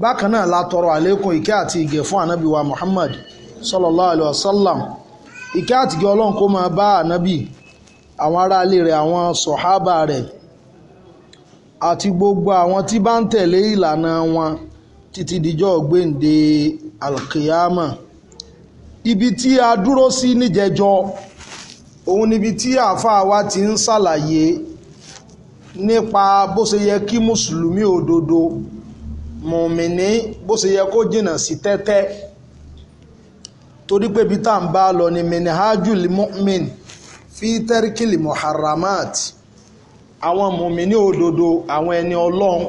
bákan náà la tọrọ àlékún ìkẹ́ àti ìgẹ̀ fún ànábì wa Muhammad sallallahu alayhi wa sallam ìkẹ́ àti ìgẹ̀ ọlọ́run kó máa bá ànábì àwọn aráalé rẹ̀ àwọn sọ̀hábà rẹ̀ àti gbogbo àwọn tí bá ń tẹ̀lé ìlànà wọn títí dijọ́ gbéǹde alkiyama ibi tí a dúró sí níjẹjọ òun níbi tí àáfàá wa ti ń ṣàlàyé nípa bó ṣe yẹ kí mùsùlùmí òdodo mùmíní bó ṣe yẹ kó jìnnà sí tẹ́tẹ́ torí pé ibi tá à ń bá lọ ni minhajul mu'min fi tẹ́ríkìlì muharramat àwọn mùmíní òdodo àwọn ẹni ọlọ́run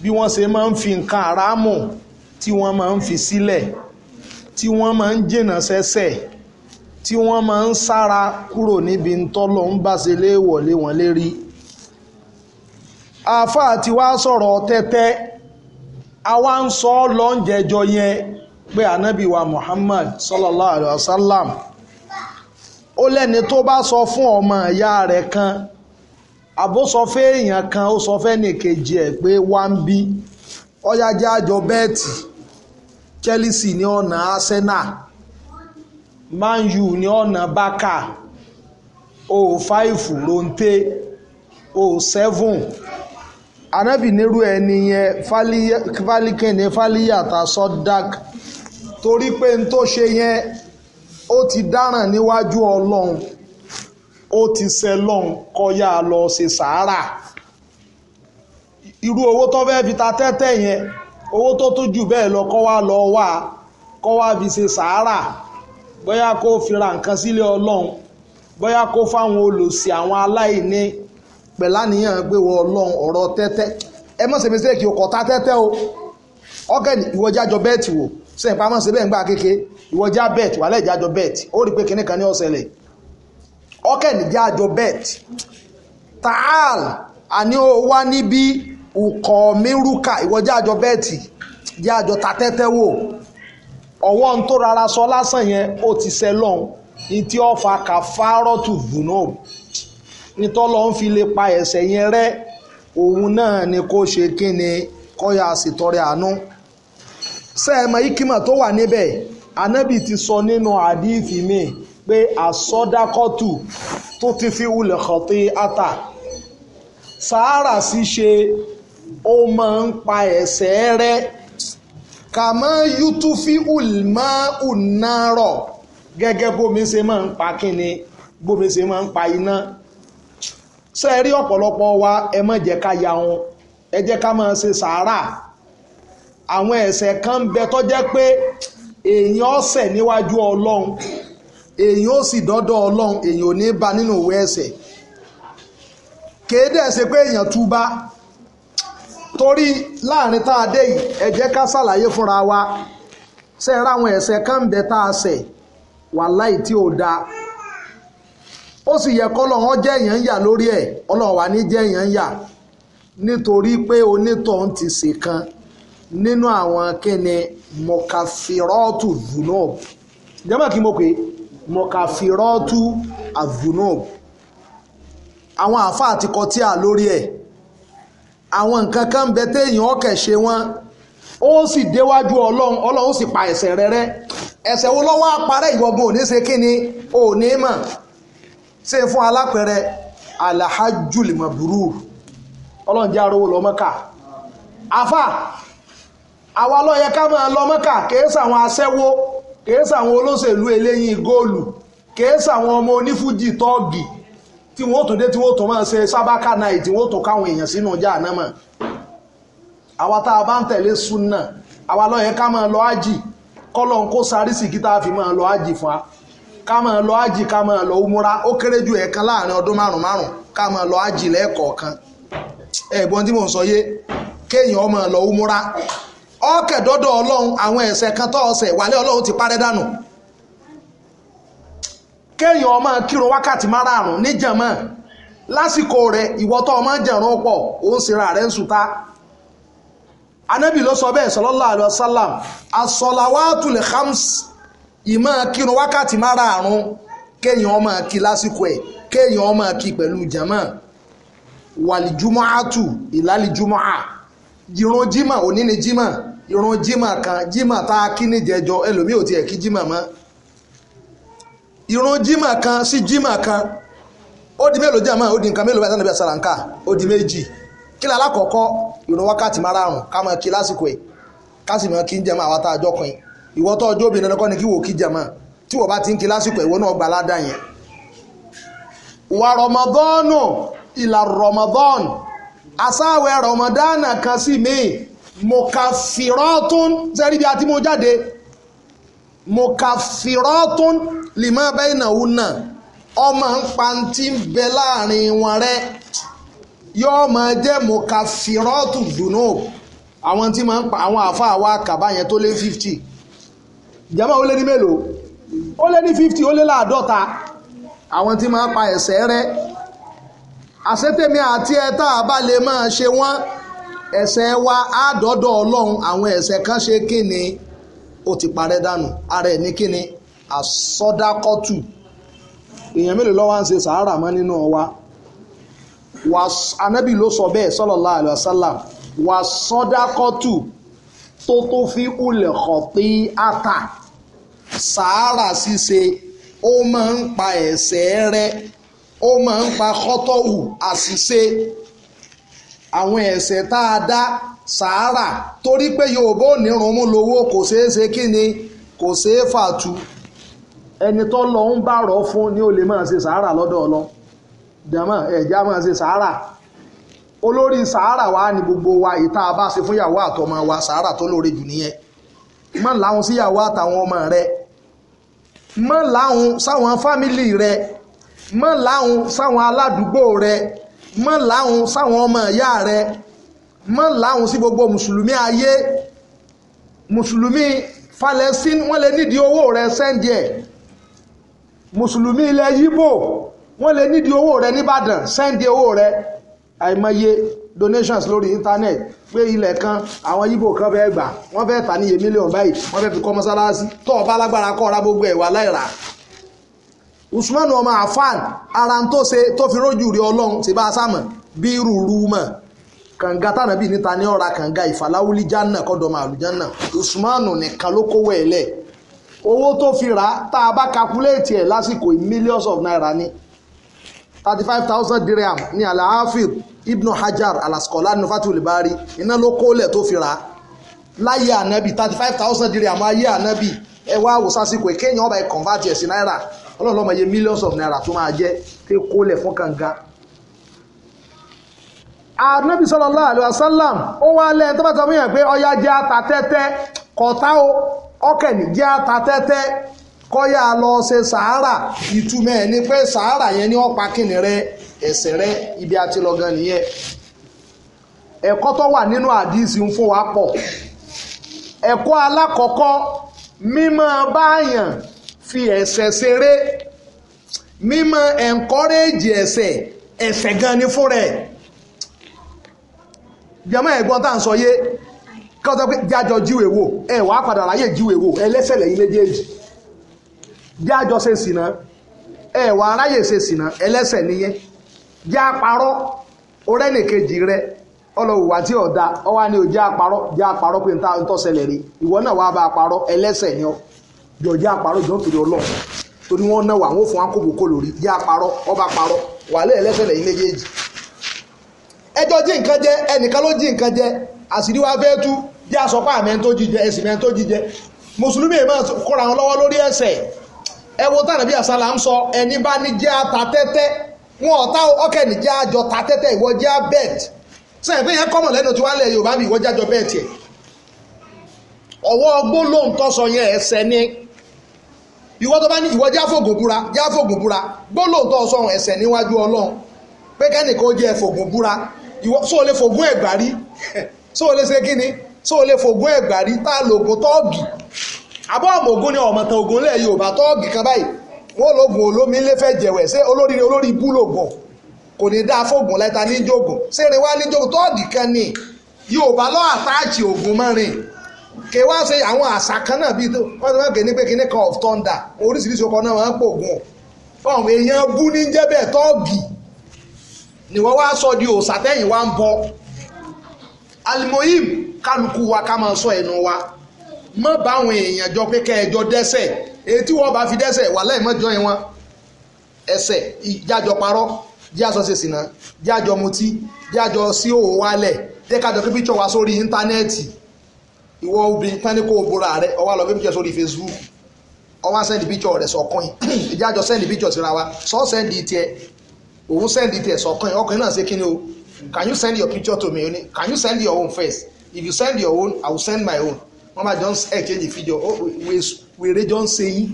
bí wọ́n ṣe máa ń fi nǹkan àràmù tí wọ́n máa ń fi sílẹ̀ tí wọ́n máa ń jìnnà sẹ́sẹ̀ tí wọ́n máa ń sára kúrò níbi ntọ́lọ́ ń bá ṣe léèwọ̀ lé wọn lérí àáfàá ti wá sọ̀rọ̀ tẹ́tẹ́ àwa nsọ sọ ọ́ jẹjọ yẹn pé ànábì Muhammad sallallahu alayhi wa sallam ó lẹni tó bá sọ fún ọmọ ìyá rẹ kan àbó èèyàn kan ó sọ fẹ kejì ẹ̀ pé wá ń bí ọ̀yájá àjọ bẹ́ẹ̀tì Chelsea ní ọ̀nà Arsenal Man U ní ọ̀nà baka o five ronte o seven anábì nírú ẹni yẹn fálíkẹ́ni fálíyàtà sọ́dák torí pé n tó ṣe yẹn ó ti dáràn níwájú ọlọ́run ó ti sẹlọ́run kọ́yà lọ ṣe sàárà irú owó tó fẹ́ fi ta tẹ́tẹ́ yẹn owó tó tún jù bẹ́ẹ̀ lọ kọ́ wá lọ wá kọ́ wá fi ṣe sàárà bóyá kó fi nǹkan sílé ọlọ́run bóyá kó fáwọn olòṣì àwọn aláìní pẹ̀lú àníyàn pé wọ́n ọlọ́run ọ̀rọ̀ tẹ́tẹ́ ẹ mọ̀ ṣe mistake o kọ̀tà tẹ́tẹ́ o ọ̀gẹ́ni ìwọ jájọ bẹ́ẹ̀tì wò sẹ́yìn pamọ́ ṣe bẹ́ẹ̀ ń gbà kéke ìwọ já bẹ́ẹ̀tì wàlẹ́ ìjájọ bẹ́ẹ̀tì ó rí pé kinní kan ní ọ̀sẹ̀lẹ̀ ọ̀gẹ́ni jájọ bẹ́ẹ̀tì taal àní ó wá níbí ọkọ̀ mẹ́rùkà ìwọ jájọ bẹ́ẹ̀tì jájọ ta tẹ́tẹ́ wò ọwọ́ ń tó rárá sọ lásán yẹn ó ti sẹ́lọ́n ní tí ó fa kàfárọ́tù vùnọ́ọ̀bù nítọ́lọ́ ń fi lè pa ẹ̀ṣẹ̀ yẹn rẹ́ òun náà ni kó ṣe kí ni kọ́yà ṣètọrẹ àánú sẹ́ẹ̀mọ ikima tó wà níbẹ̀ anábì ti sọ nínú àdífì mi pé àsọdákọ́tù tó ti fi wulẹ̀ kọ̀tí ata sàárà ṣíṣe ó máa ń pa ẹ̀ṣẹ̀ rẹ́ kàmọ́ yútúfí ulmọ́ ùnárọ̀ gẹ́gẹ́ bómi ṣe máa ń pa kíni bómi ṣe máa ń pa iná ṣé ẹ rí ọ̀pọ̀lọpọ̀ wa ẹ ya wọn ẹ jẹ́ ká máa ṣe sàárà àwọn ẹ̀ṣẹ̀ kan bẹ tó pé èèyàn ọ̀sẹ̀ níwájú ọlọ́run èèyàn ó sì dọ́dọ̀ ọlọ́run èèyàn ò ní nínú òwe ẹ̀ṣẹ̀ kéde pé èèyàn túbá torí láàrin tá a dé yìí ẹ jẹ́ ká ṣàlàyé fúnra wa àwọn a ṣẹ̀ ó sì yẹ kọ́lọ́hún jẹ́ èèyàn ń yà lórí ẹ̀ ọlọ́wà ní jẹ́ èèyàn ń yà nítorí pé onítọ̀hún ti nínú àwọn kíni jẹ́mọ̀ kí a lórí ẹ̀ àwọn nǹkan kan ń bẹ téèyàn ọkẹ̀ ṣe wọ́n ó sì déwájú ọlọ́run ọlọ́run pa ẹ̀ṣẹ̀ rere rẹ́ wo lọ́wọ́ ò Se fún alápẹ̀rẹ̀ alahajul mabrur ọlọ́run jẹ́ arówó lọ mọ́kà afa àwa ló yẹ ká máa lọ mọ́kà kìí sàwọn aṣẹ́wó kìí sàwọn olóṣèlú eléyìn góòlù kìí sàwọn ọmọ onífújì tọ́ọ̀gì tí wọ́n tó dé tí wọ́n tó máa ṣe sábàkà náà tí wọ́n tó káwọn èèyàn sínú ọjà náà mọ̀ àwa tá a bá ń tẹ̀lé sunna àwa ló yẹ ká máa lọ ájì kọ́lọ́n kó sarí sí kí tá fi máa lọ ájì fún wa ká lọ ájì ká lọ umura ó kéré ju ẹ̀ẹ̀kan láàrin ọdún márùn márùn ká lọ ájì lẹ́ẹ̀kọ̀ọ̀kan ẹ̀gbọ́n tí mò ń sọ yé kéèyàn umura ọ̀kẹ́dọ́dọ̀ àwọn kan tó ọ̀sẹ̀ wàlẹ́ ọlọ́run ti parẹ́ dànù kéèyàn ó kírun wákàtí lásìkò ó ń ń sùta ló sọ ìmọ̀ kírun wákàtí márààrún kéèyàn ọmọ kí lásìkò ẹ̀ kéèyàn ọmọ kí pẹ̀lú jàmá wàlìjúmọ́ àtù ìlàlìjúmọ́ à ìrun jímọ̀ òní ni jímọ̀ ìrun jímọ̀ kan jímọ̀ tá a kí níjẹjọ ẹlòmíì ò tiẹ̀ kí jímọ̀ mọ́ ìrun jímọ̀ kan sí jímọ̀ kan ó di mélòó jàmá ó di nǹkan mélòó bá sànàbí àsàlàǹkà ó di méjì kí la lákọ̀ọ́kọ́ ìrun wákàtí márààrún ká máa kí lásìkò ẹ̀ ká sì máa kí ń jẹmọ́ àwa tá a jọkùnrin ìwọ tó ọjọ́ obìnrin nìkan ni kí wò kí jàmá tí wọ́n bá ti ń kí lásìkò ìwọ náà gbà ládàá yẹn. wà rọmọdọ́nù ìlà rọmọdọ́n asáwẹ̀ rọmọdánà kan sí mi mo kà fìrọ́ tún sẹ́rí bí a ti mú jáde mo kà fìrọ́ tún lìmọ́ bẹ́ẹ̀ náà wù náà ọmọ ń pa ti bẹ láàrin wọn rẹ yóò máa jẹ́ mo kà fìrọ́ tún dùnú àwọn tí máa ń pa àwọn àfa àwa kàbá yẹn tó lé fifty jama ó lé ní mélòó ó lé ní fifty ó lé láàdọ́ta àwọn tí máa pa ẹ̀sẹ̀ rẹ àṣetẹ̀mí àti ẹ̀ta àbá lè máa ṣe wọ́n ẹ̀sẹ̀ wa àádọ́dọ̀ ọlọ́run àwọn ẹ̀sẹ̀ kan ṣe kíni ó ti parẹ́ dànù ara ẹ̀ ní kíni àsọdákọ́tù èèyàn mélòó lọ́wọ́ ń ṣe sàárà mọ́ nínú ọwa anábì ló sọ bẹ́ẹ̀ sallallahu alaihi wasallam wàsọdákọ́tù tó tó fi ata sàárà ṣíṣe ó máa ń pa ẹ̀ṣẹ̀ rẹ ó máa ń pa kọ́tọ̀wù àṣìṣe àwọn ẹ̀ṣẹ̀ tá a dá sàárà torí pé Yorùbá ò ní lówó kò ṣeé ṣe kí ni kò ṣeé fàtu ẹni tó lọ ń bá rọ̀ fún ni ó lè máa ṣe sàárà lọ́dọ̀ ọlọ́ jàmọ́ máa ṣe sàárà olórí sàárà wa ni gbogbo wa ìta bá ṣe fún ìyàwó àtọmọ wa sàárà tó lóore jù nìyẹn má láhùn sí ìyàwó àtàwọn ọmọ rẹ má láhùn sáwọn fámìlì rẹ má láhùn sáwọn aládùúgbò rẹ má láhùn sáwọn ọmọ ìyá rẹ má láhùn sí gbogbo mùsùlùmí ayé mùsùlùmí falẹ́sìn wọ́n lè nídìí owó rẹ sẹ́ńdì ẹ̀ mùsùlùmí ilẹ̀ yíbò wọ́n lè nídìí owó rẹ nìbàdàn sẹ́ńdì owó rẹ àìmọye donations lórí internet pé ilẹ̀ kan àwọn yíbò kan fẹ́ gbà wọ́n fẹ́ tà níye mílíọ̀nù báyìí wọ́n fẹ́ fi kọ́ mọ́sálásí tó ọba alágbára kọ́ ra gbogbo ẹ̀wà láìra Usman ọmọ afan ara tó ṣe tó fi rójú rí ọlọ́run ti bá a sámọ̀ bí rúurú mọ̀ kànga tànàbí níta ní ọ̀ra kànga ìfàláwúlí jánà kọ́dọ̀ màálù jánà Usman nìkan ló kówó ẹ̀ lẹ̀ owó tó fi rà tá a bá kakuléètì ẹ̀ lásìkò millions of naira ni thirty five thousand dirham ní alahafir ibnu hajar alaskola nufatu libari iná ló kólẹ̀ tó fi rà á láyé ànábì thirty five thousand dirham ayé ànábì ẹ wá wò sásìkò kéèyàn ọba ẹ convert ẹ̀ sí náírà ọlọ́run lọ́mọ iye millions of naira tó máa jẹ́ pé kólẹ̀ fún kànga anabi sallallahu alaihi wasallam ó wá lẹ́yìn tó bá sọ fún yàn pé ọya jẹ́ ata kọ̀tá o ọkẹ́ ní jẹ́ ata kọ́yà lọ ṣe sàárà ìtumọ̀ ẹ̀ ni pé sàárà yẹn ni wọ́n pa kìnìún rẹ ẹ̀sìn rẹ ibi àti lọ gan nìyẹn ẹ̀kọ́ tó wà nínú àdìsí ń fún wa pọ̀ ẹ̀kọ́ alákọ̀ọ́kọ́ mímọ́ báyàn fi ẹ̀ṣẹ̀ ṣeré mímọ́ ẹ̀ńkọ́rẹ́jì ẹ̀ṣẹ̀ ẹ̀ṣẹ̀ gan ni fún rẹ̀ jẹ́mọ́ ẹ̀gbọ́n tá à ń sọ yé kí wọ́n sọ pé jájọ jíwèé wò ẹ̀ wàá padà ráyè jíwèé wò ẹlẹ́ṣẹ̀ lẹ́yìn méjèèjì jẹ́ àjọ ṣe sìnà ẹwà wà aráyè ṣe sìnà ẹlẹ́sẹ̀ níyẹn jẹ́ àparọ́ rẹ ọlọ́wùwà tí ọ̀dà ọwá ni ò jẹ́ àparọ́ jẹ́ àparọ́ pé nta ntọ́sẹlẹ̀ rí ìwọ náà wàá bá àparọ́ ẹlẹ́sẹ̀ ni ọ jọ jẹ́ àparọ́ jọ ọlọ́ torí wọn náà wà wọn fún akóbò kó lórí jẹ́ àparọ́ ọba ẹlẹ́sẹ̀ lẹ́yìn méjèèjì ẹjọ́ jí nǹkan jẹ ẹnìkan ló jí nǹkan jẹ wa fẹ́ tú jẹ́ àsọpá àmẹ́ńtó jíjẹ ẹ wo tànà bí àsálà ń sọ ẹni bá ní jẹ́ ata tẹ́tẹ́ wọn ọ̀tá ọkẹ́ ní jẹ́ àjọ ta tẹ́tẹ́ ìwọ jẹ́ bẹ́ẹ̀t sẹ́yìn pé yẹn kọ́mọ̀ lẹ́nu tí wọ́n á lẹ̀ Yorùbá mi ìwọ jẹ́ àjọ bẹ́ẹ̀t yẹ ọwọ́ gbólóhùn tó sọ yẹn ẹsẹ̀ ni ìwọ tó bá ní ìwọ jáfògùn búra jáfògùn búra gbólóhùn tó sọ ẹsẹ̀ níwájú Ọlọ́run pé kẹ́nìkan ó jẹ́ fògùn búra ìwọ sóò lè fògùn ẹ̀gbárí sóò lè àbọ̀ ọmọ ogun ni ọmọ tán ogun lẹ̀ Yorùbá tọ́ọ̀gì kan báyìí wọ́n lóògùn olómi ilé fẹ́ jẹ̀wẹ̀ ṣé olórí olórí ibú lògùn kò ní dáa fóògùn lẹ́ta níjògùn ṣé eré wá níjògùn tọ́ọ̀gì kan ni Yorùbá lọ́ àtàjì ogun mọ́rin kè wá ṣe àwọn àṣà kan náà bíi wọ́n ti máa gbé ní pé kíní kan of thunder oríṣiríṣi ọkọ̀ náà wọ́n ń pògùn ọ̀hún èèyàn bú ní jẹ́bẹ̀ tọ́ọ̀gì ni wọ́n wá sọ di òòṣà wá ń bọ alimoyim kálukú wa ká máa sọ ẹnu wa má bá àwọn èèyàn jọ pé kẹjọ dẹ́ṣẹ̀ èyí tí wọ́n bá fi dẹsẹ wà láì mọ́jọ yẹn wọn ẹ̀ṣẹ̀ ìjájọ parọ́ jájọ ṣèṣìnà jájọ mutí jájọ sí òwò wálẹ̀ jẹ́kájọ pé píṣọ̀ wá sórí íńtánẹ́ẹ̀tì ìwọ obìnrin tán ní kó o bora rẹ ọwọ́ àlọ́ pé píṣọ̀ sórí Facebook ọwọ́ sẹ́ndì píṣọ̀ rẹ̀ sọ̀kan ìjájọ sẹ́ndì píṣọ̀ síra wa sọ sẹ́ndì tiẹ̀ òun sẹ́ndì tiẹ̀ sọ̀kan ọkùnrin náà ṣe kí ni o can you send your picture to me can you send your own first if you send your own I will send my own wọ́n máa jọ ń exchange fídíò wèrè jọ ń ṣe yín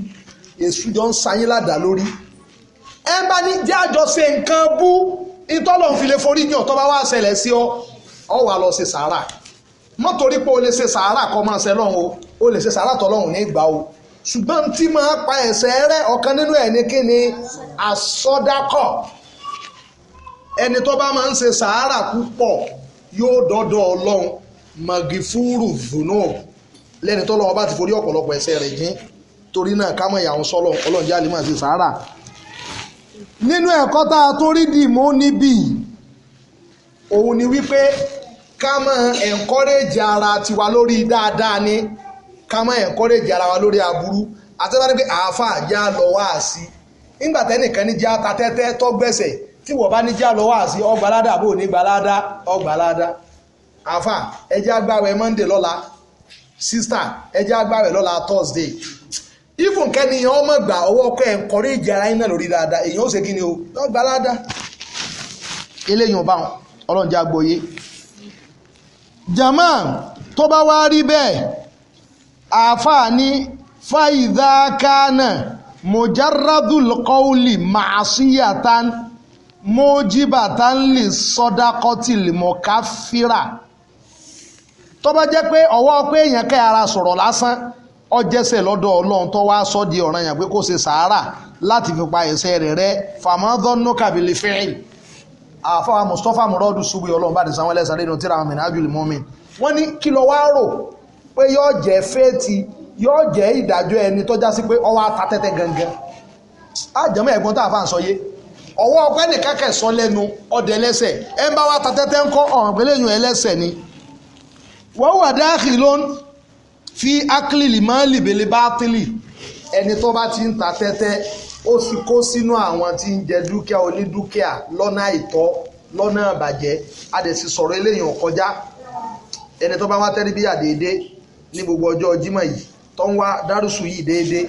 èṣù jọ ń sayín ládàá lórí ẹ bá ní jẹ́ àjọṣe nǹkan bú ìtọ́lọ̀ ń file forí ní ọ̀tọ́ bá wá ṣẹlẹ̀ sí ọ ọ wà lọ ṣe sàárà mọ́ torí pé o lè ṣe sàárà kọ́ máa ṣe lọ́hùn o o lè ṣe sàárà tọ́lọ́hùn ní ìgbà o ṣùgbọ́n tí máa pa ẹ̀ṣẹ̀ rẹ ọ̀kan nínú ẹ̀ ní kíni àsọdákọ̀ ẹni tó bá máa ń ṣe sàárà púpọ̀ yóò dọ́dọ̀ ọlọ́run màgìfúrù dùnú lẹ́ni tó lọ́wọ́ bá ti forí ọ̀pọ̀lọpọ̀ ẹ̀ṣẹ̀ rẹ̀ jìn torí náà ká mọ̀ ìyàwó sọ́lọ̀ ọlọ́njẹ́ àlímọ̀ sí sàárà nínú ẹ̀kọ́ tá a tó rí dìmọ́ níbí òun ni wípé ká mọ̀ encourage ara tiwa lórí dáadáa ni ká mọ̀ encourage ara wa lórí aburú àtẹ́wá ni pé àáfà já lọ wá sí nígbà tẹ́nìkan ní já ta tẹ́tẹ́ tó gbẹ̀sẹ̀ tí wọ́n bá ní já lọ wá sí ọgbàládà bò ní gbàládà ọgbàládà àáfà ẹjẹ́ agbára ẹ mọ́ndé lọ́la sísítà ẹjẹ́ agbáwẹ̀ lọ́la thursday ifun kẹ́ni èèyàn ọmọ gbà ọwọ́ ọkọ ẹ̀ ń kọrí ìjà ara iná lórí dáadáa èèyàn ó ṣe kí ni o yọ gbà ládàá eléyìí ò bá wọn ọlọ́run agbóye jama tó bá wá rí bẹ́ẹ̀ àáfàá ní fàìdákánà mujarradul qawli màásíyàtán mojibatan lè sọdákọ́tì lè mọ̀ tó bá jẹ́ pé ọwọ́ pé èèyàn kẹ́ ara sọ̀rọ̀ lásán ọ jẹ́ṣẹ̀ lọ́dọ̀ ọlọ́run tó wá sọ di ọ̀ràn yàn pé ṣe sàárà láti fi pa ẹ̀ṣẹ̀ rẹ̀ rẹ́ fàmọ́dọ́nù kàbìlì fíìl àfọwà mustapha muradu subu ọlọ́run bá ti sanwó ẹlẹ́sàn nínú tíra àwọn mìíràn ájúlì mọ́mí wọ́n ní kí lọ wá rò pé yóò jẹ́ fẹ́ẹ̀tì yóò jẹ́ ìdájọ́ ẹni tó pé ọwọ́ gangan àjẹmọ́ ẹ̀gbọ́n tá a fà ń sọ yé ọwọ́ ọpẹ́ nìkan kẹ̀ sọ lẹ́nu ọdẹ ẹlẹ́sẹ̀ ẹ ń bá wa ńkọ́ ẹlẹ́sẹ̀ ni wọ́n wà dáàkì ló ń fi akílìlì máa ń lìbèlè bátìlì ẹni tó bá ti ń ta tẹ́tẹ́ ó sì kó sínú àwọn tí ń jẹ dúkìá onídúkìá lọ́nà àìtọ́ lọ́nà àbàjẹ́ a dẹ̀ sì sọ̀rọ̀ eléyìí ọ̀kọjá ẹni tó bá wá tẹ́rí bí àdéédé ní gbogbo ọjọ́ Jímọ̀ yìí tó ń wá dárúsù yìí déédé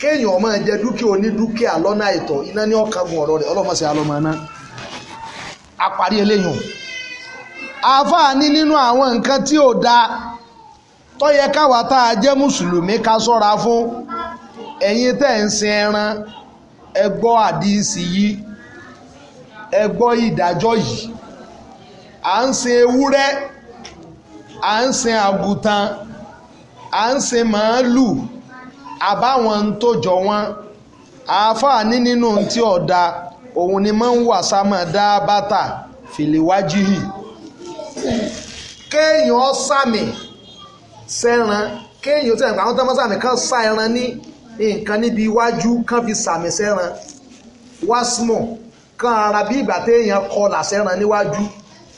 kéèyàn máa jẹ dúkìá onídúkìá lọ́nà àìtọ́ iná ní ọ̀kangun ọ̀rọ̀ rẹ̀ ọlọ́mọṣẹ́ àáfàá ní nínú àwọn nǹkan tí ò dáa tó yẹ káwa tá a jẹ́ mùsùlùmí ká sọ́ra fún ẹ̀yin tẹ́ ń sin ẹran ẹ gbọ́ àdìsí yìí ẹ gbọ́ ìdájọ́ yìí à ń sin ewúrẹ́ à ń sin àgùntàn à ń sin màálù àbáwọn ń tó wọn àáfàá ní nínú tí ọ̀dà òun ni máa ń wà sá máa dá bàtà fìlíwájú yìí kéèyàn sàmì sẹ́ran kéèyàn tí àwọn tó máa sàmì kan sá ẹran ní nǹkan níbi iwájú kan fi sàmì sẹ́ran wásmọ̀ kan ara bí ìgbà téèyàn kọlà sẹ́ran níwájú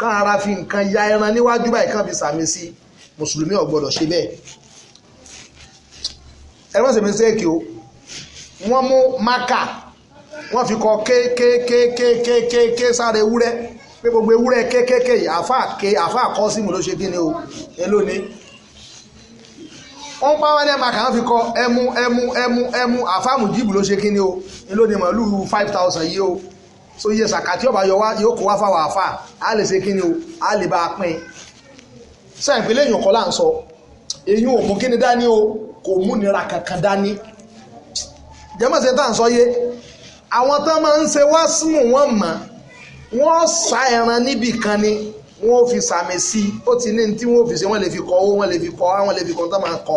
kan ara fi nǹkan ya ẹran níwájú báyìí kan fi sàmì sí mùsùlùmí ṣe bẹ́ẹ̀ o wọ́n mú maka wọ́n fi kọ sáré wúrẹ́ pé gbogbo ewúrẹ́ kéékèèké yìí àáfàá ké àáfàá kọ́ símù ló ṣe kí ni o ẹ lónìí wọ́n pa wá ní ẹ̀ma kàn án fi kọ ẹmu ẹmu ẹmu ẹmu àfáàmù jíìbù ló ṣe kí ni o ní lónìí màálù five thousand yìí o so iye sàkàtì ọba yọ wá yóò kó wá fáwọn àfà á lè ṣe kí ni o á lè bá a pín in sẹ́yìn pé lẹ́yìn ọ̀kọ́ là ń sọ èyí ò mú kíni dání o kò mú kankan dání jẹ́mọ̀sẹ̀ tá ń sọ yé àwọn tán máa ń ṣe wá símù wọ́n mọ̀ wọ́n sá ẹran níbì kan ni wọ́n fi sàmì sí i ó ti ní tí wọ́n fi ṣe wọ́n lè fi kọ owó wọ́n lè fi kọ á wọ́n lè fi kọ tó máa kọ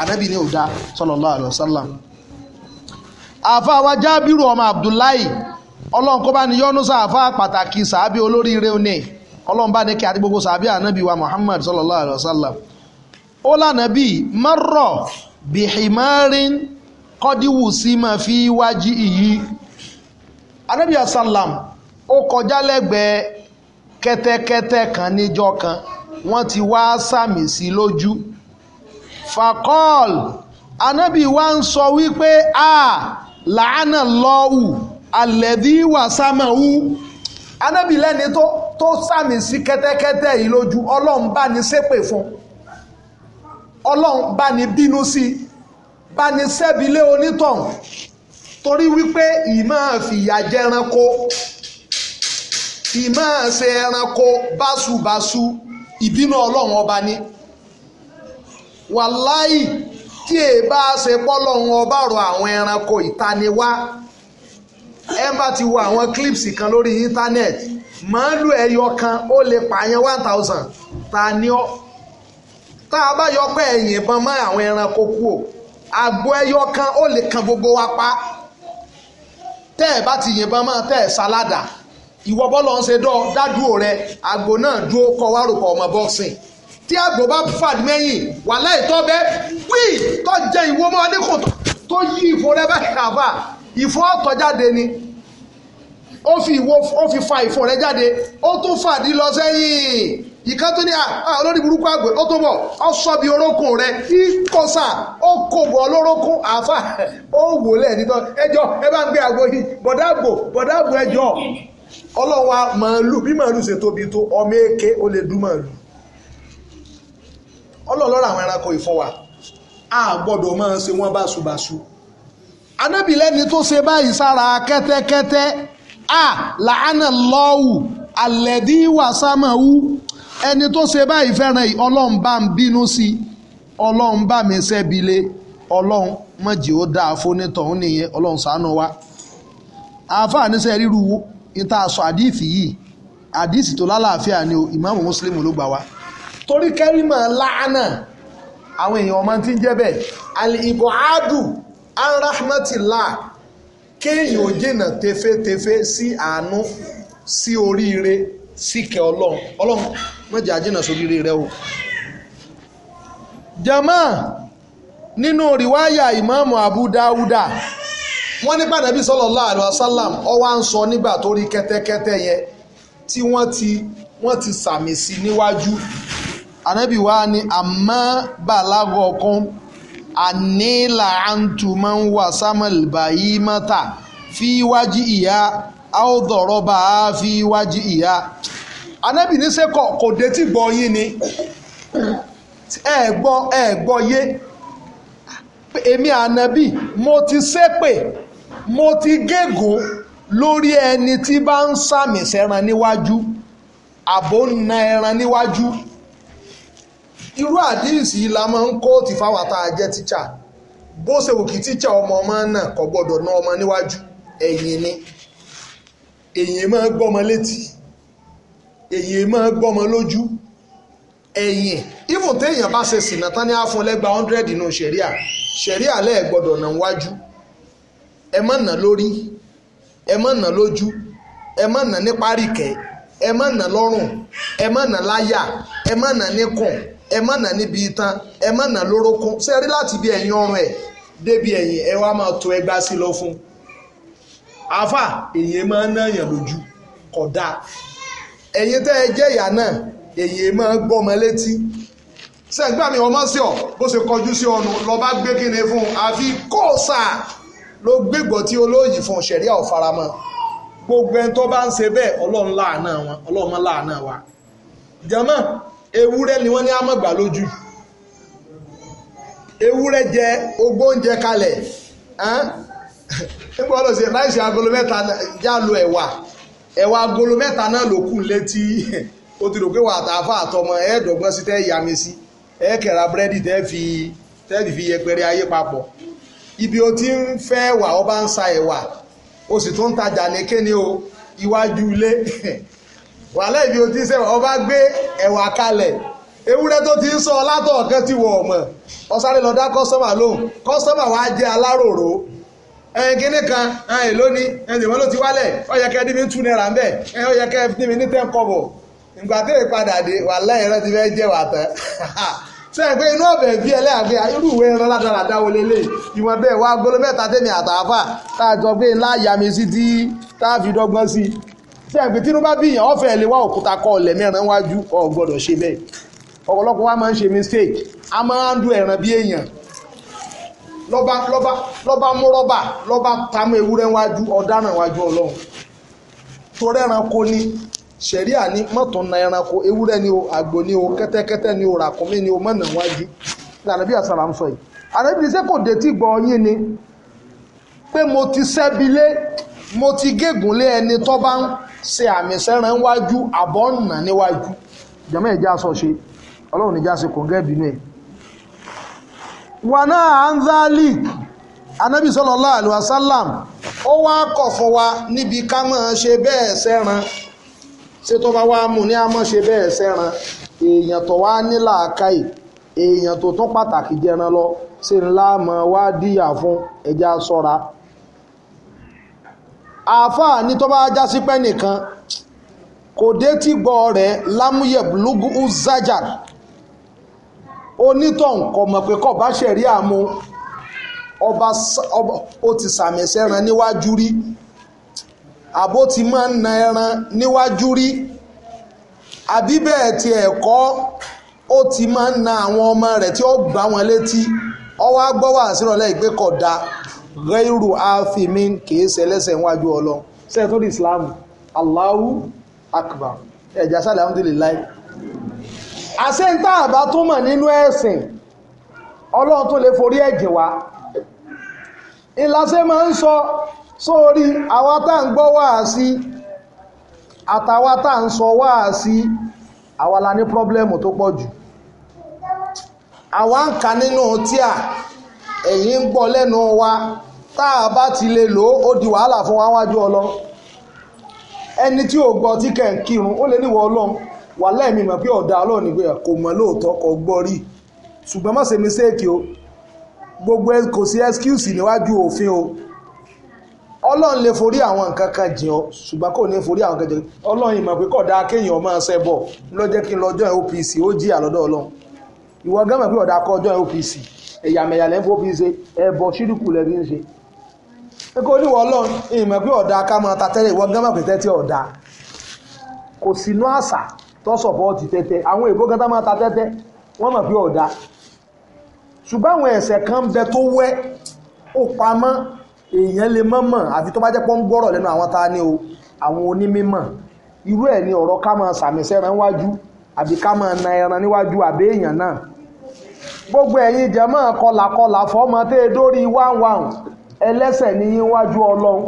ànábì ní òdá sallallahu alaihi wasallam. àfa wa jábìrù ọmọ abdullahi ọlọ́run kó bá ní yọ́nú sáfà pàtàkì sàábì olóríire ní ọlọ́run bá ní kí àti sàábì ànábì wa muhammad sallallahu alaihi wasallam. ó lànàbì marra bihimarin kọ́díwù sí máa fi wájú ìyí ànábì sallam ó kọjá lẹ́gbẹ̀ẹ́ kẹ́tẹ́kẹ́tẹ́ kan níjọ́ kan wọ́n ti wá sàmì sí lójú fakọ́l anábì wa ń sọ wípé a làánà lọ́wù alẹ́bí wà sámàwù anábì lẹ́ni tó sàmì sí kẹ́tẹ́kẹ́tẹ́ yìí lójú ọlọ́run bá ní sépè fún ọlọ́run bá ní bínú sí bá ní sẹ́bilé onítọ̀ torí wípé ìmáa fìyà jẹranko. sì máa ṣe ẹranko báṣubàṣu ìbínú ọlọ́run ọba ni wàláì tí è bá ṣe pọ́lọ́run ọba rọ àwọn ẹranko ìtaniwá ẹ bá ti wo àwọn clips kan lórí íńtánẹ́ẹ̀tì màálù ẹyọ kan ó lè pààyàn one thousand ta ni ọ́ tá a bá yọ pé ẹ̀yìn ìbọn mọ́ àwọn ẹranko kú o àgbo ẹyọ kan ó lè kan gbogbo wa pa tẹ́ ẹ bá ti yìnbọn mọ́ tẹ́ ẹ sáládà ìwọ bọ́ọ̀lù ọ̀hún ṣe dọ́ dádúró rẹ àgbo náà dúró kọ wá rògbò ọmọ boxing tí àgbo bá fàd mẹ́yìn wà láì tọ́ bẹ́ wí tó jẹ́ ìwọ ọmọ adékùn tó yí ìfò rẹ bẹ́ẹ̀ kàfà ìfò ọ̀tọ̀ jáde ni ó fi ìwọ ó fi fa ìfò rẹ jáde ó tún fàdí lọ sẹ́yìn ìkan tó ní olórí burúkú àgbẹ̀ ó tó bọ̀ ọ sọ bí orókùn rẹ ìkọsà ó kò bọ̀ olórókùn àáfà ó wò lẹ́ẹ̀ nítorí ẹjọ́ ẹ bá ń gbé àgbo yìí bọ̀dá àgbò bọ̀dá àgbò ẹjọ́ ọlọ́wà màálù bí màálù ṣe tóbi tó ọmọ èké ó lè dú màálù ọlọ́lọ́rọ̀ àwọn ẹranko ìfọwà a gbọ́dọ̀ máa ṣe wọ́n báṣubàṣu anábì lẹ́ni tó ṣe báyìí sára kẹ́tẹ́kẹ́tẹ́ a làánà lọ́wù alẹ́dí wàsámàwù ẹni tó ṣe báyìí fẹ́ràn yìí ọlọ́run bá ń bínú sí ọlọ́run bá mi ṣẹ́bi lé ọlọ́run mọ̀jì ó dáa fónítọ̀ ń nìyẹn ọlọ́run ṣàánú wa àáfàá níṣẹ́ ríru wo ìta àṣọ àdìsí yìí àdìsí tó lálàáfíà ni ìmáàmù mùsùlùmí ló gbà wá torí kẹ́rìmọ̀ láàánà àwọn èèyàn ọmọ tí ń jẹ́ bẹ́ẹ̀ àlè ìbò áàdù arahmatila kéèyàn ò jìnà tefetefe sí àánú sí oríire síkẹ ọlọ́run ọlọ́run mọ̀jẹ̀ àjìnà sóríire rẹ o. jama nínú rìwáyà ìmáàmù abu dáúdà wọ́n ní pàdébí sallallahu alaihi wasallam ó wá ń sọ nígbà tó rí kẹ́tẹ́kẹ́tẹ́ yẹn tí wọ́n ti wọ́n ti sàmì sí níwájú ànábì wa ni àmọ́ bàlágọ̀ kan ànílà àǹtùmọ̀ ń wà samuel bayi mọ́ta fi wájú ìyá àwòdọ̀rọ̀ bá fi wájú ìyá ànábì ní sẹ́kọ̀ kò dé gbọ́ yín ni ẹ gbọ́ ẹ gbọ́ yé èmi ànábì mo ti ṣépè mo ti gégó lórí ẹni tí bá ń sàmì sẹ́ran níwájú àbò ń na ẹran níwájú irú àdíìsì la máa ń kó ti fáwọn tá a jẹ́ tíṣà bó ṣe wù kí tíṣà ọmọ ọmọ náà kò gbọ́dọ̀ ná ọmọ níwájú ẹ̀yìn ni èyìn máa gbọ́mọ létí èyìn máa gbọ́mọ lójú ẹ̀yìn even téèyàn bá ṣe sìnà tán fún lẹ́gbàá hundred nínú ṣẹ̀ríà ṣẹ̀ríà lẹ́ẹ̀ gbọ́dọ̀ ná wájú ẹ má nà lórí ẹ má nà lójú ẹ má nà ní páríkẹ́ ẹ má nà lọ́rùn ẹ má nà láyà ẹ má nà níkùn ẹ má nà níbi itan ẹ má nà lórókún ṣe rí láti bí ẹ̀yìn ọrùn ẹ̀ débi ẹ̀yìn ẹ wá máa to ẹgbàá sí lọ fún àáfà èyí máa ń náyàn lójú kódà ẹ̀yin tẹ́ ẹ jẹ́ ìyá náà èyí máa ń gbọ́mọ létí sẹ́gbàmí ọmọ sí ọ bó ṣe kọjú sí ọnu lọ́ba gbé kíni fún àfi kóòsà ló gbégbọ́ tí olóyìn fún ṣẹ̀ríà ò faramọ́ gbogbo ẹni tó bá ń ṣe bẹ́ẹ̀ ọlọ́run láàánà wọn ọlọ́run láàánà wa jẹ́mọ́ ewúrẹ́ ni wọ́n ní àmọ́gbà lójú ewúrẹ́ jẹ ogbó oúnjẹ kalẹ̀ nígbà ọ̀dọ̀ sí láìsí agolo mẹ́ta já lo ẹ̀wà ẹ̀wà agolo mẹ́ta náà ló kù létí ó ti rò pé wà á tàáfà àtọmọ ẹ̀ẹ́dọ̀gbọ́n sí tẹ́ ìyá mi sí ẹ̀ẹ́kẹ̀ra búrẹ́dì tẹ́ fi tẹ́ fi yẹpẹrẹ ayé papọ̀ ibi o ti ń fẹ́ ẹ̀wà ọba ń sa ẹ̀wà o sì tún ń tajà lékè ní o iwájú ilé wàhálà ibi o ti ń sẹ́wà ọba gbé ẹ̀wà kalẹ̀ ewúrẹ́ tó ti ń sọ látọ̀ ọ̀kan ti wọ̀ ọ̀mọ̀ ọ̀sáré lọ́dá kọ́sọ́mà lóhùn kọ́sọ́mà wa jẹ́ aláròró ẹ̀yìn kínní kan ẹ̀yìn lónìí ẹ̀yìn ìwọ́n ló ti wálẹ̀ ọ̀yẹ̀kẹ́ dín mi two naira ń bẹ̀ ẹ̀yìn ọ̀yẹ̀kẹ́ dín ní ten ìgbà tó ìpadà dé wàhálà ìrẹ́ fẹ́ jẹ́ wàtẹ́ sẹ́yìn pé inú ọ̀bẹ̀ bí ẹlẹ́yàgbé irú ìwé ẹran ládàradà wo lélẹ̀ ìwọ̀n bẹ́ẹ̀ wá gbọ́dọ̀ mẹ́ta tẹ̀mí àtàfà tá a jọ pé ńlá yami sí tí tá a fi dọ́gbọ́n sí i sẹ́yìn pé tínú bá bí yàn ọ̀fẹ́ lè wá òkúta kọ́ ọ̀lẹ̀ mẹ́rin wájú ò gbọ́dọ̀ ṣe bẹ́ẹ̀ ọ̀pọ̀lọpọ̀ wa máa ń ṣe mistake a máa ń du ẹ̀ràn bí èèyàn lọ́ba lọ́ba lọ́ba mú rọ́bà lọ́ba tamú ewúrẹ́ wájú ọ̀daràn wájú ọlọ́run torí ẹranko ni ṣẹ̀ríà ní mọ́tò na ẹranko ewúrẹ́ ni o àgbò ni o kẹ́tẹ́kẹ́tẹ́ ni o ràkúnmí ni o mọ́nà wájú ní ànábì àsàlà ń sọ yìí ànábì ṣé kò dé gbọ́ yín ni pé mo ti ṣẹ́bilé mo ti gégùn lé ẹni tó bá ń ṣe àmì sẹ́ran wájú àbọ̀ ọ̀nà níwájú jàmọ́ ìjà sọ ṣe ọlọ́run níjà ṣe kò ń gẹ́ bínú ẹ̀. wàná anzalik anabi sallallahu alaihi wasallam ó wá kọ̀ fún wa níbi ká máa ṣe bẹ́ẹ̀ sẹ́ran ṣé tó bá wá mú ní àmọ́ ṣe bẹ́ẹ̀ sẹ́ran èèyàn tó wá ní làákàyè èèyàn tó tún pàtàkì jẹran lọ ṣe ńlá mọ́ wá díyà fún ẹja sọ́ra àáfàá ní tó bá já sí pẹ́ kò dé tí gbọ́ rẹ̀ lámúyẹ̀b lúgú uzajar onítọ̀hún kò mọ̀ pé kò bá ṣẹ̀rí àmú ọba ó ti sàmì sẹ́ran níwájú rí àbó ti máa ń na ẹran níwájú rí àbí bẹ́ẹ̀ ti ẹ̀kọ́ ó ti máa ń na àwọn ọmọ rẹ̀ tí ó gbá wọn létí ọwọ́ agbọ́wọ́ àsìrọ̀lẹ́ ìgbé kódà rẹ́rù àfìmí kìí ṣẹlẹ́sẹ̀ níwájú ọlọ́run sẹ́ẹ̀tún ìsìláàmù Allahu akbar ẹ̀já sálẹ̀ alhamdulillahi àṣẹ́ntà àbá tó mọ̀ nínú ẹ̀sìn ọlọ́run tó lè forí ẹ̀jẹ̀ wá ìlàṣẹ́ máa ń sọ sórí àwa tá ń gbọ́ wáàsí àtàwa tá ń sọ wáàsí àwa la ní pọ́blẹ́mù tó pọ̀ jù àwa ń ka nínú tíà ẹ̀yin ń gbọ́ lẹ́nu wa tá a bá ti lè lò ó di wàhálà fún wa wájú ọlọ ẹni tí ò gbọ́ tí kẹ̀ ń kírun ó lè níwọ̀ ọlọ́run wà lẹ́ẹ̀mí mọ̀ pé ọ̀dà ọlọ́run nígbè kò mọ̀ lóòótọ́ kò gbọ́ rí ṣùgbọ́n má ṣe mistake o gbogbo kò sí excuse níwájú òfin o. ọlọ́run lè forí àwọn nǹkan kan jìn ọ́ ṣùgbọ́n kò ní forí àwọn nǹkan jìn ọlọ́run ìmọ̀ pé kódà kéèyàn máa ṣe bọ̀ lọ́jẹ́ kí n lọ́jọ́ OPC ó jí àlọ́dọ̀ ọlọ́run ìwọ gẹ́mọ̀ pé ọ̀dà kọ́ ọjọ́ OPC ẹ̀yàmẹ̀yà lẹ́ fọ́pì ṣe ẹbọ ṣírùkù lẹ́bí ń ṣe ẹkọ́ oníwọ̀ ọlọ́run ìmọ̀ pé ọ̀dà ká máa ta tẹ́lẹ̀ ìwọ gẹ́mọ̀ pé tẹ́tẹ́ ọ̀dà kò sínú àṣà tó sọ̀pọ̀ọ̀tì tẹ́tẹ́ àwọn èèbó gẹ́tà máa ta tẹ́tẹ́ wọ́n mọ̀ pé ọ̀dà ṣùgbọ́n àwọn ẹ̀ṣẹ̀ kan bẹ tó wẹ́ ó pamọ́ èèyàn lè mọ́ mọ̀ àfi tó bá jẹ́ pọ́ ń gbọ́rọ̀ lẹ́nu àwọn ta ni o àwọn onímímọ̀ irú ẹ̀ ni ọ̀rọ̀ ká máa sàmì sẹ́ran wájú àbí ká máa na ẹran níwájú àbí èèyàn náà gbogbo ẹ̀yin jẹ́mọ́ kọlàkọlà fọ́mọ tẹ́ ẹ dórí wáhùn wáhùn ẹlẹ́sẹ̀ ní yín wájú ọlọ́run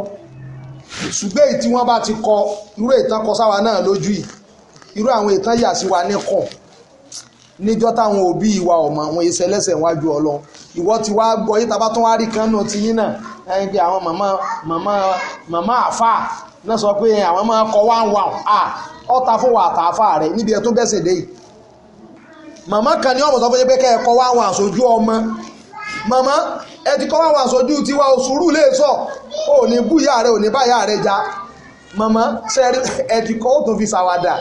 ṣùgbọ́n èyí tí wọ́n bá ti kọ irú ìtàn kọ sáwa náà lójú yìí irú àwọn ìtàn yà sí wa ní níjọ́ táwọn òbí ìwà ọmọ àwọn iṣẹ́ lẹ́sẹ̀ wájú ọlọ́run ìwọ ti wá gbọ́ yìí tàbá tún wá rí kan náà ti yín náà ẹni pé àwọn màmá màmá màmá àfà náà sọ pé àwọn máa kọ wá wà á ọ̀tá fún wa àtàfà rẹ̀ níbi ẹ̀ tún bẹ́sẹ̀ dé yìí màmá kan ní ọmọ sọ fún yín pé kẹ́ ẹ̀ kọ wá wà sójú ọmọ màmá ẹ ti kọ wá wà sójú tiwa òṣùrù lè sọ ò ní bú rẹ ò ní bá rẹ já màmá ṣe ẹ ti kọ́ ó tún fi ṣàwàdà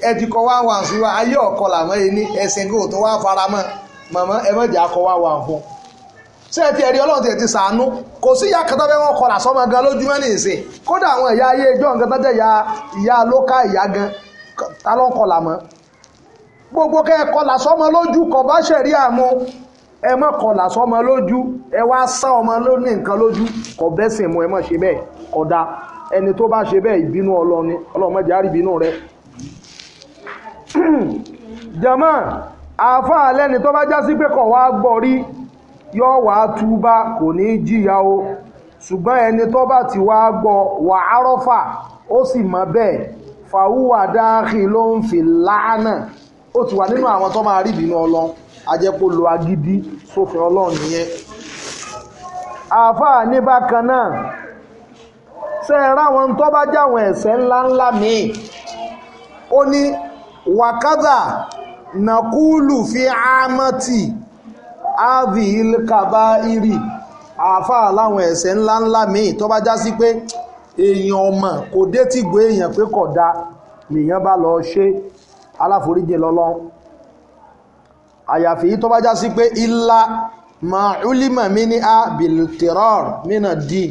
ẹtì kọ wá wà sí wa ayé ọkọ làwọn yìí ní ẹsìn kò tó wá fara mọ́ màmá ẹ mọ̀jẹ̀ akọ wá wà fún ṣé ẹ ti ẹ̀rí ọlọ́run tiẹ̀ ti sàánú kò sí ìyá kan tó fẹ́ wọn kọlà sọmọ gan lójúmọ́ ní ìsìn kódà àwọn ìyá ayé ìjọ nǹkan tó jẹ́ ìyá ìyá lóka ìyá gan ta ló ń kọlà mọ́ gbogbo kẹ́ ẹ kọlà sọmọ lójú kọ bá ṣẹ̀rí àmú ẹ mọ̀ kọlà sọmọ lójú ẹ wá sá ọmọ lóní nǹkan lójú kọ bẹ́sìn mu ẹ mọ̀ ṣe bẹ́ẹ̀ kódà ẹni tó bá ṣe bẹ́ẹ̀ ìbínú ọlọ́ni ọlọ́mọdé àríbínú rẹ̀ jama àfa aleni tó bá já sí pé kọ̀ wá gbọ́ rí yọ wá túbá kò ní jìyà o ṣùgbọ́n ẹni tó bá ti wá gbọ́ wà árọ́fà ó sì mọ̀ bẹ́ẹ̀ fàwúwà dáàkì ló ń fi láàánà ó ti wà nínú àwọn tó máa rí ìbínú ọlọ́run ajẹ́pọ̀ lo agídí sófin ọlọ́run nìyẹn àáfàá ní bákan náà ṣe é ráwọn tó bá jáwọn ẹ̀ṣẹ̀ ńláńlá míì ó ní wàkádà nàkúlù fi àmọ́tì áàbì ilkaba irì àáfà láwọn ẹ̀ṣẹ̀ ńláńlá míì tó bá já sí pé èèyàn ọmọ kò dé tí gbé èèyàn pé kò da nìyẹn bá lọ ṣe aláforíjì lọ́lọ́ àyàfi tó bá já sí pé ilá ma ulima mi ní a bilterror mina di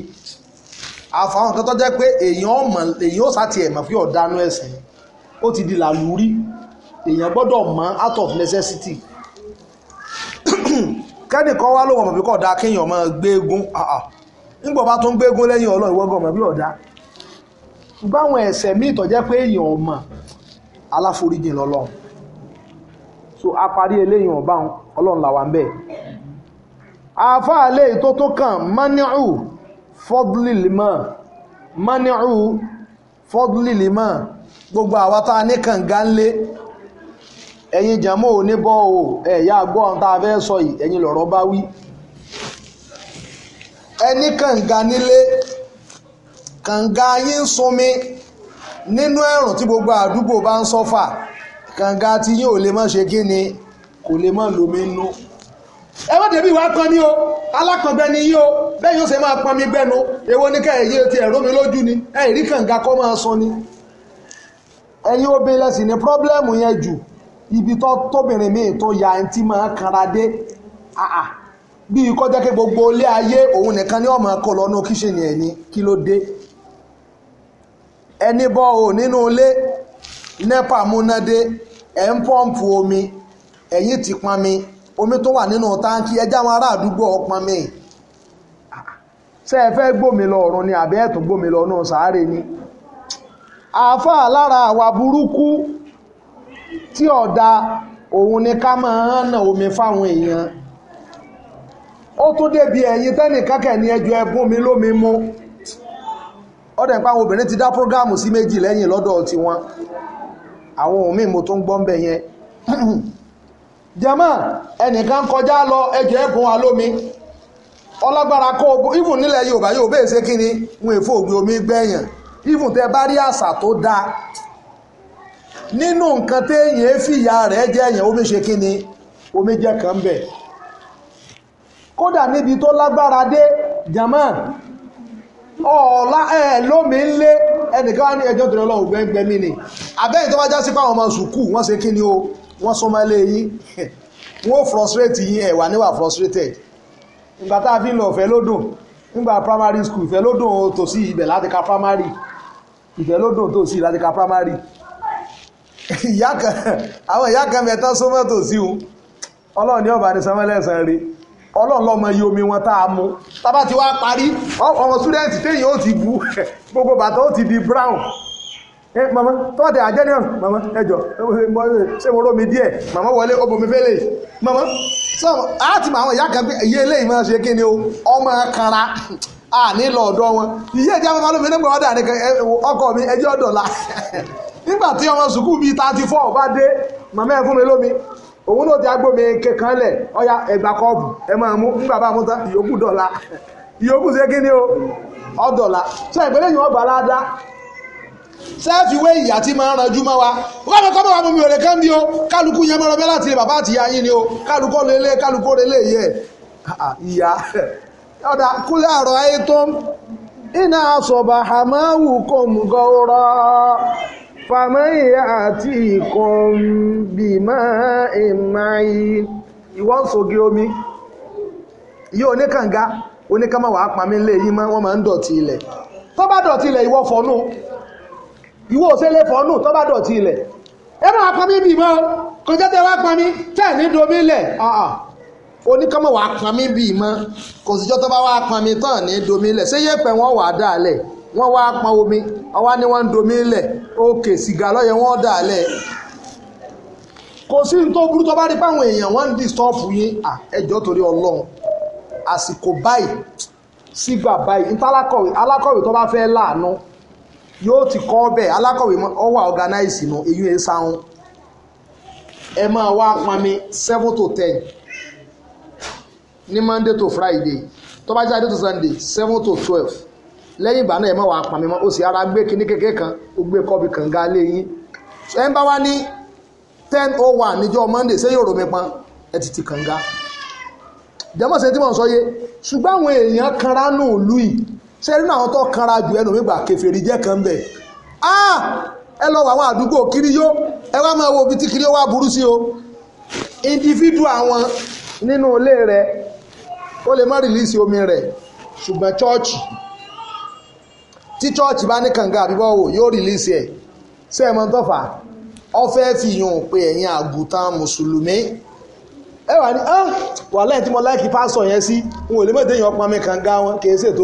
àfàwọn kan tó jẹ́ pé èèyàn ọmọ èèyàn ó sá tiẹ̀ mọ̀ ọ̀dánú ẹ̀sìn ó ti di làlúrí èèyàn gbọ́dọ̀ mọ̀ out of necessity kẹ́nìkan wá lóun ọmọ bí kò dáa kéèyàn máa gbéegun nígbà bá tún gbéegun lẹ́yìn ọlọ́run ìwọ́gàn ọmọ bí ọ̀dá gbáwọn ẹ̀ṣẹ̀ míì tọ́jẹ́ pé èèyàn ọmọ aláforíjìn lọ́lọ́run so a parí eléyìn ọba ọlọ́run làwà ń bẹ̀ àáfàá lè tó tó kàn maniu fọdúlìlímọ̀ maniu fọdúlìlímọ̀ gbogbo àwa tá a ní kànga ńlé ẹ̀yin jẹ̀mọ́ ò ní bọ́ o ẹ̀yà gbọ́n tá a fẹ́ sọ yìí ẹ̀yin lọ̀rọ̀ bá wí ẹni kànga nílé kànga yín ń sunmi nínú ẹ̀rùn tí gbogbo àdúgbò bá ń sọ́fà kànga tí yín ò lè mọ́ ṣe kí ni kò lè mọ́ lómi nú ẹwọ́n tẹ̀bí wàá pọn mi o alákọ̀ọ́gbẹ́ ni yí o bẹ́ẹ̀ yóò ṣe máa pọn mi gbẹ́nu èwo ní ká ẹ̀yẹ ti ẹ̀rọ mi lójú ni ẹ̀rí kànga kọ́ máa sọ ni Eyi obìnrin lẹ́sìn ni pírọ́blẹ́mù yẹn jù ibi tó tóbìnrin míì tó ya ẹni ma máa kanra dé ah, ah. bí ikọ́ jẹ́ kí gbogbo ilé ayé òun nìkan kolo ọmọ ẹ̀kọ́ lọ́nà kíṣìnì ẹ̀yìn kí ló dé ẹni bọ́ ò nínú ilé omi ẹ̀yìn ti pami omi tó wà nínú táǹkì ẹjá àwọn ará àdúgbò ọpami ah, ṣé ẹ fẹ́ ọ̀run ni àbí ẹ̀tún gbòmí àáfàá lára àwa burúkú tí ọda òun ni ká ma ń na omi fáwọn èèyàn ó tún débi ẹ̀yìn tẹ́nìkan kẹ̀ni ẹjọ́ ẹ̀gún mi lómi mú àwọn obìnrin ti dá prógáàmù sí méjì lẹ́yìn lọ́dọ̀ wọn. àwọn ohun míì mo tún gbọ́ bẹ̀ yẹn jẹ́mọ́ ẹnìkan kọjá lọ ẹjọ́ wa lómi ọlọ́gbára kó ìfún nílẹ̀ Yorùbá wọn èfó ògbé omi even tẹ bá rí àṣà tó dáa nínú nǹkan téèyàn fìyà rẹ̀ jẹ́ èèyàn omi ṣe kí ni omi jẹ́ kan bẹ̀ kódà níbi tó lágbára dé jama ọ̀ọ́lá ẹ̀ lómi ń lé ẹnìkan wá ní ẹjọ́ tó lọ́wọ́ gbẹ́ngbẹ́ mi ni àbẹ́yìn tó bá já sí fáwọn ọmọ sùkúù wọ́n ṣe kí ni o wọ́n sọ máa lé yín wọ́n frustrate yín ẹ̀ wà níwà frustrated ìgbà tá a fi ń lọ ọ̀fẹ́ lódùn nígbà primary school ìfẹ́ ló dùn tòsí ibẹ̀ láti ka primary ìfẹ́ ló dùn tòsí láti ka primary ìyá kan àwọn ìyá kan mẹ́ta sọ́mọ́ tòsí o ọlọ́run ní ọ̀bà ní sọmọ́lẹ́sàn rí ọlọ́run lọ́mọ iye omi wọn tá a mú tábà ti wá parí ọmọ súdẹ́ǹtì téèyàn ó ti bu gbogbo bàtà ó ti di brown ẹ mama tọ́wọ́ tẹ àjẹ́ náà mama ẹjọ́ ṣé mo rómi díẹ̀ mama wọlé ó bomi fẹ́lẹ̀ mama so ati ma awon ìyá kan iye eléyìí máa kini o ọmọ kara a nilo ọ̀dọ́ wọn iye ìjà máa lómi nígbà ọ̀dà nìkan ọkọ mi ẹjẹ́ ọ̀dọ̀ la nígbà ọmọ sùkúù bíi thirty four bá dé màmá ẹ mi òun ti kankan ọya ẹgbà kọ́ọ̀bù ẹ máa mú nígbà bá mú tán ìyókù o ọdọla so yìí bá sẹ́ẹ̀fì wé ìyá tí máa ń ranjú mọ́ wa wọ́n mi kọ́ mọ́ wa mo mi ò lè kán bí o kálukú yẹn mọ́ra bẹ́ẹ̀ láti bàbá àti ìyá yín ni o kálukú lélẹ̀ kálukú lélẹ̀ yẹ ìyá ọ̀dà kúlẹ̀ àrọ̀ ayé tó iná sọ̀bà hàmáwù kò mú àti omi oníkànga oníkàmáwà máa ń dọ̀tí ilẹ̀ tó bá dọ̀tí ilẹ̀ ìwọ́ fọ́nù ìwọ òṣèlè fọ́nù tó bá dọ̀tí ilẹ̀ ẹ máa pọn mi bì mọ́ kò jẹ́ tẹ́ wá pọn mi tẹ́ ní domi lẹ̀ oníkọ́mọ̀ wàá pọn mi bì mọ́ kò síjọ́ tó bá wá pọn mi tán ní domi lẹ̀ ṣé yẹ́pẹ̀ wọ́n wàá dà lẹ̀ wọ́n wá pọn omi ọwá ni wọ́n ń domi lẹ̀ òkè sìgá lọ́yẹ̀ wọ́n dà lẹ̀ kò sí ní tó burú tó bá rí páwọn èèyàn wọ́n ń dìstọ́ọ̀fù yín ẹjọ́ torí ọlọ́run àsìkò báyìí sígbà báyìí ní tálákọ̀wé alákọ̀wé tó bá fẹ́ láàánú yóò ti kọ́ ọbẹ̀ alákọ̀wé ọwà ọ̀gánáìsì nù eyín ẹ̀ sáhùn ẹ máa wá pami seven to ten ní monday friday tó bá jáde tó sunday seven to twelve lẹ́yìn máa wá pami ara gbé kan ó gbé kọ́ọ̀bì kan ga lé ẹ ń bá wá ní ten oh one monday ṣé yóò romi ṣé nínú tó kanra jù ẹnu mi gbà kẹfẹ́rì jẹ́ kan ah ẹ lọ wà àdúgbò kiri yó ẹ wá máa wo tí kiri yó wá burú sí o individual àwọn nínú ilé rẹ ó lè má rìlíìsì omi rẹ ṣùgbọ́n chọ́ọ̀chì tí chọ́ọ̀chì bá ní kànga àbíbọ̀ wò yóò ẹ̀ fi yàn pé ẹ̀yin àgùntàn mùsùlùmí ẹ wà ní tí mo láìkí yẹn sí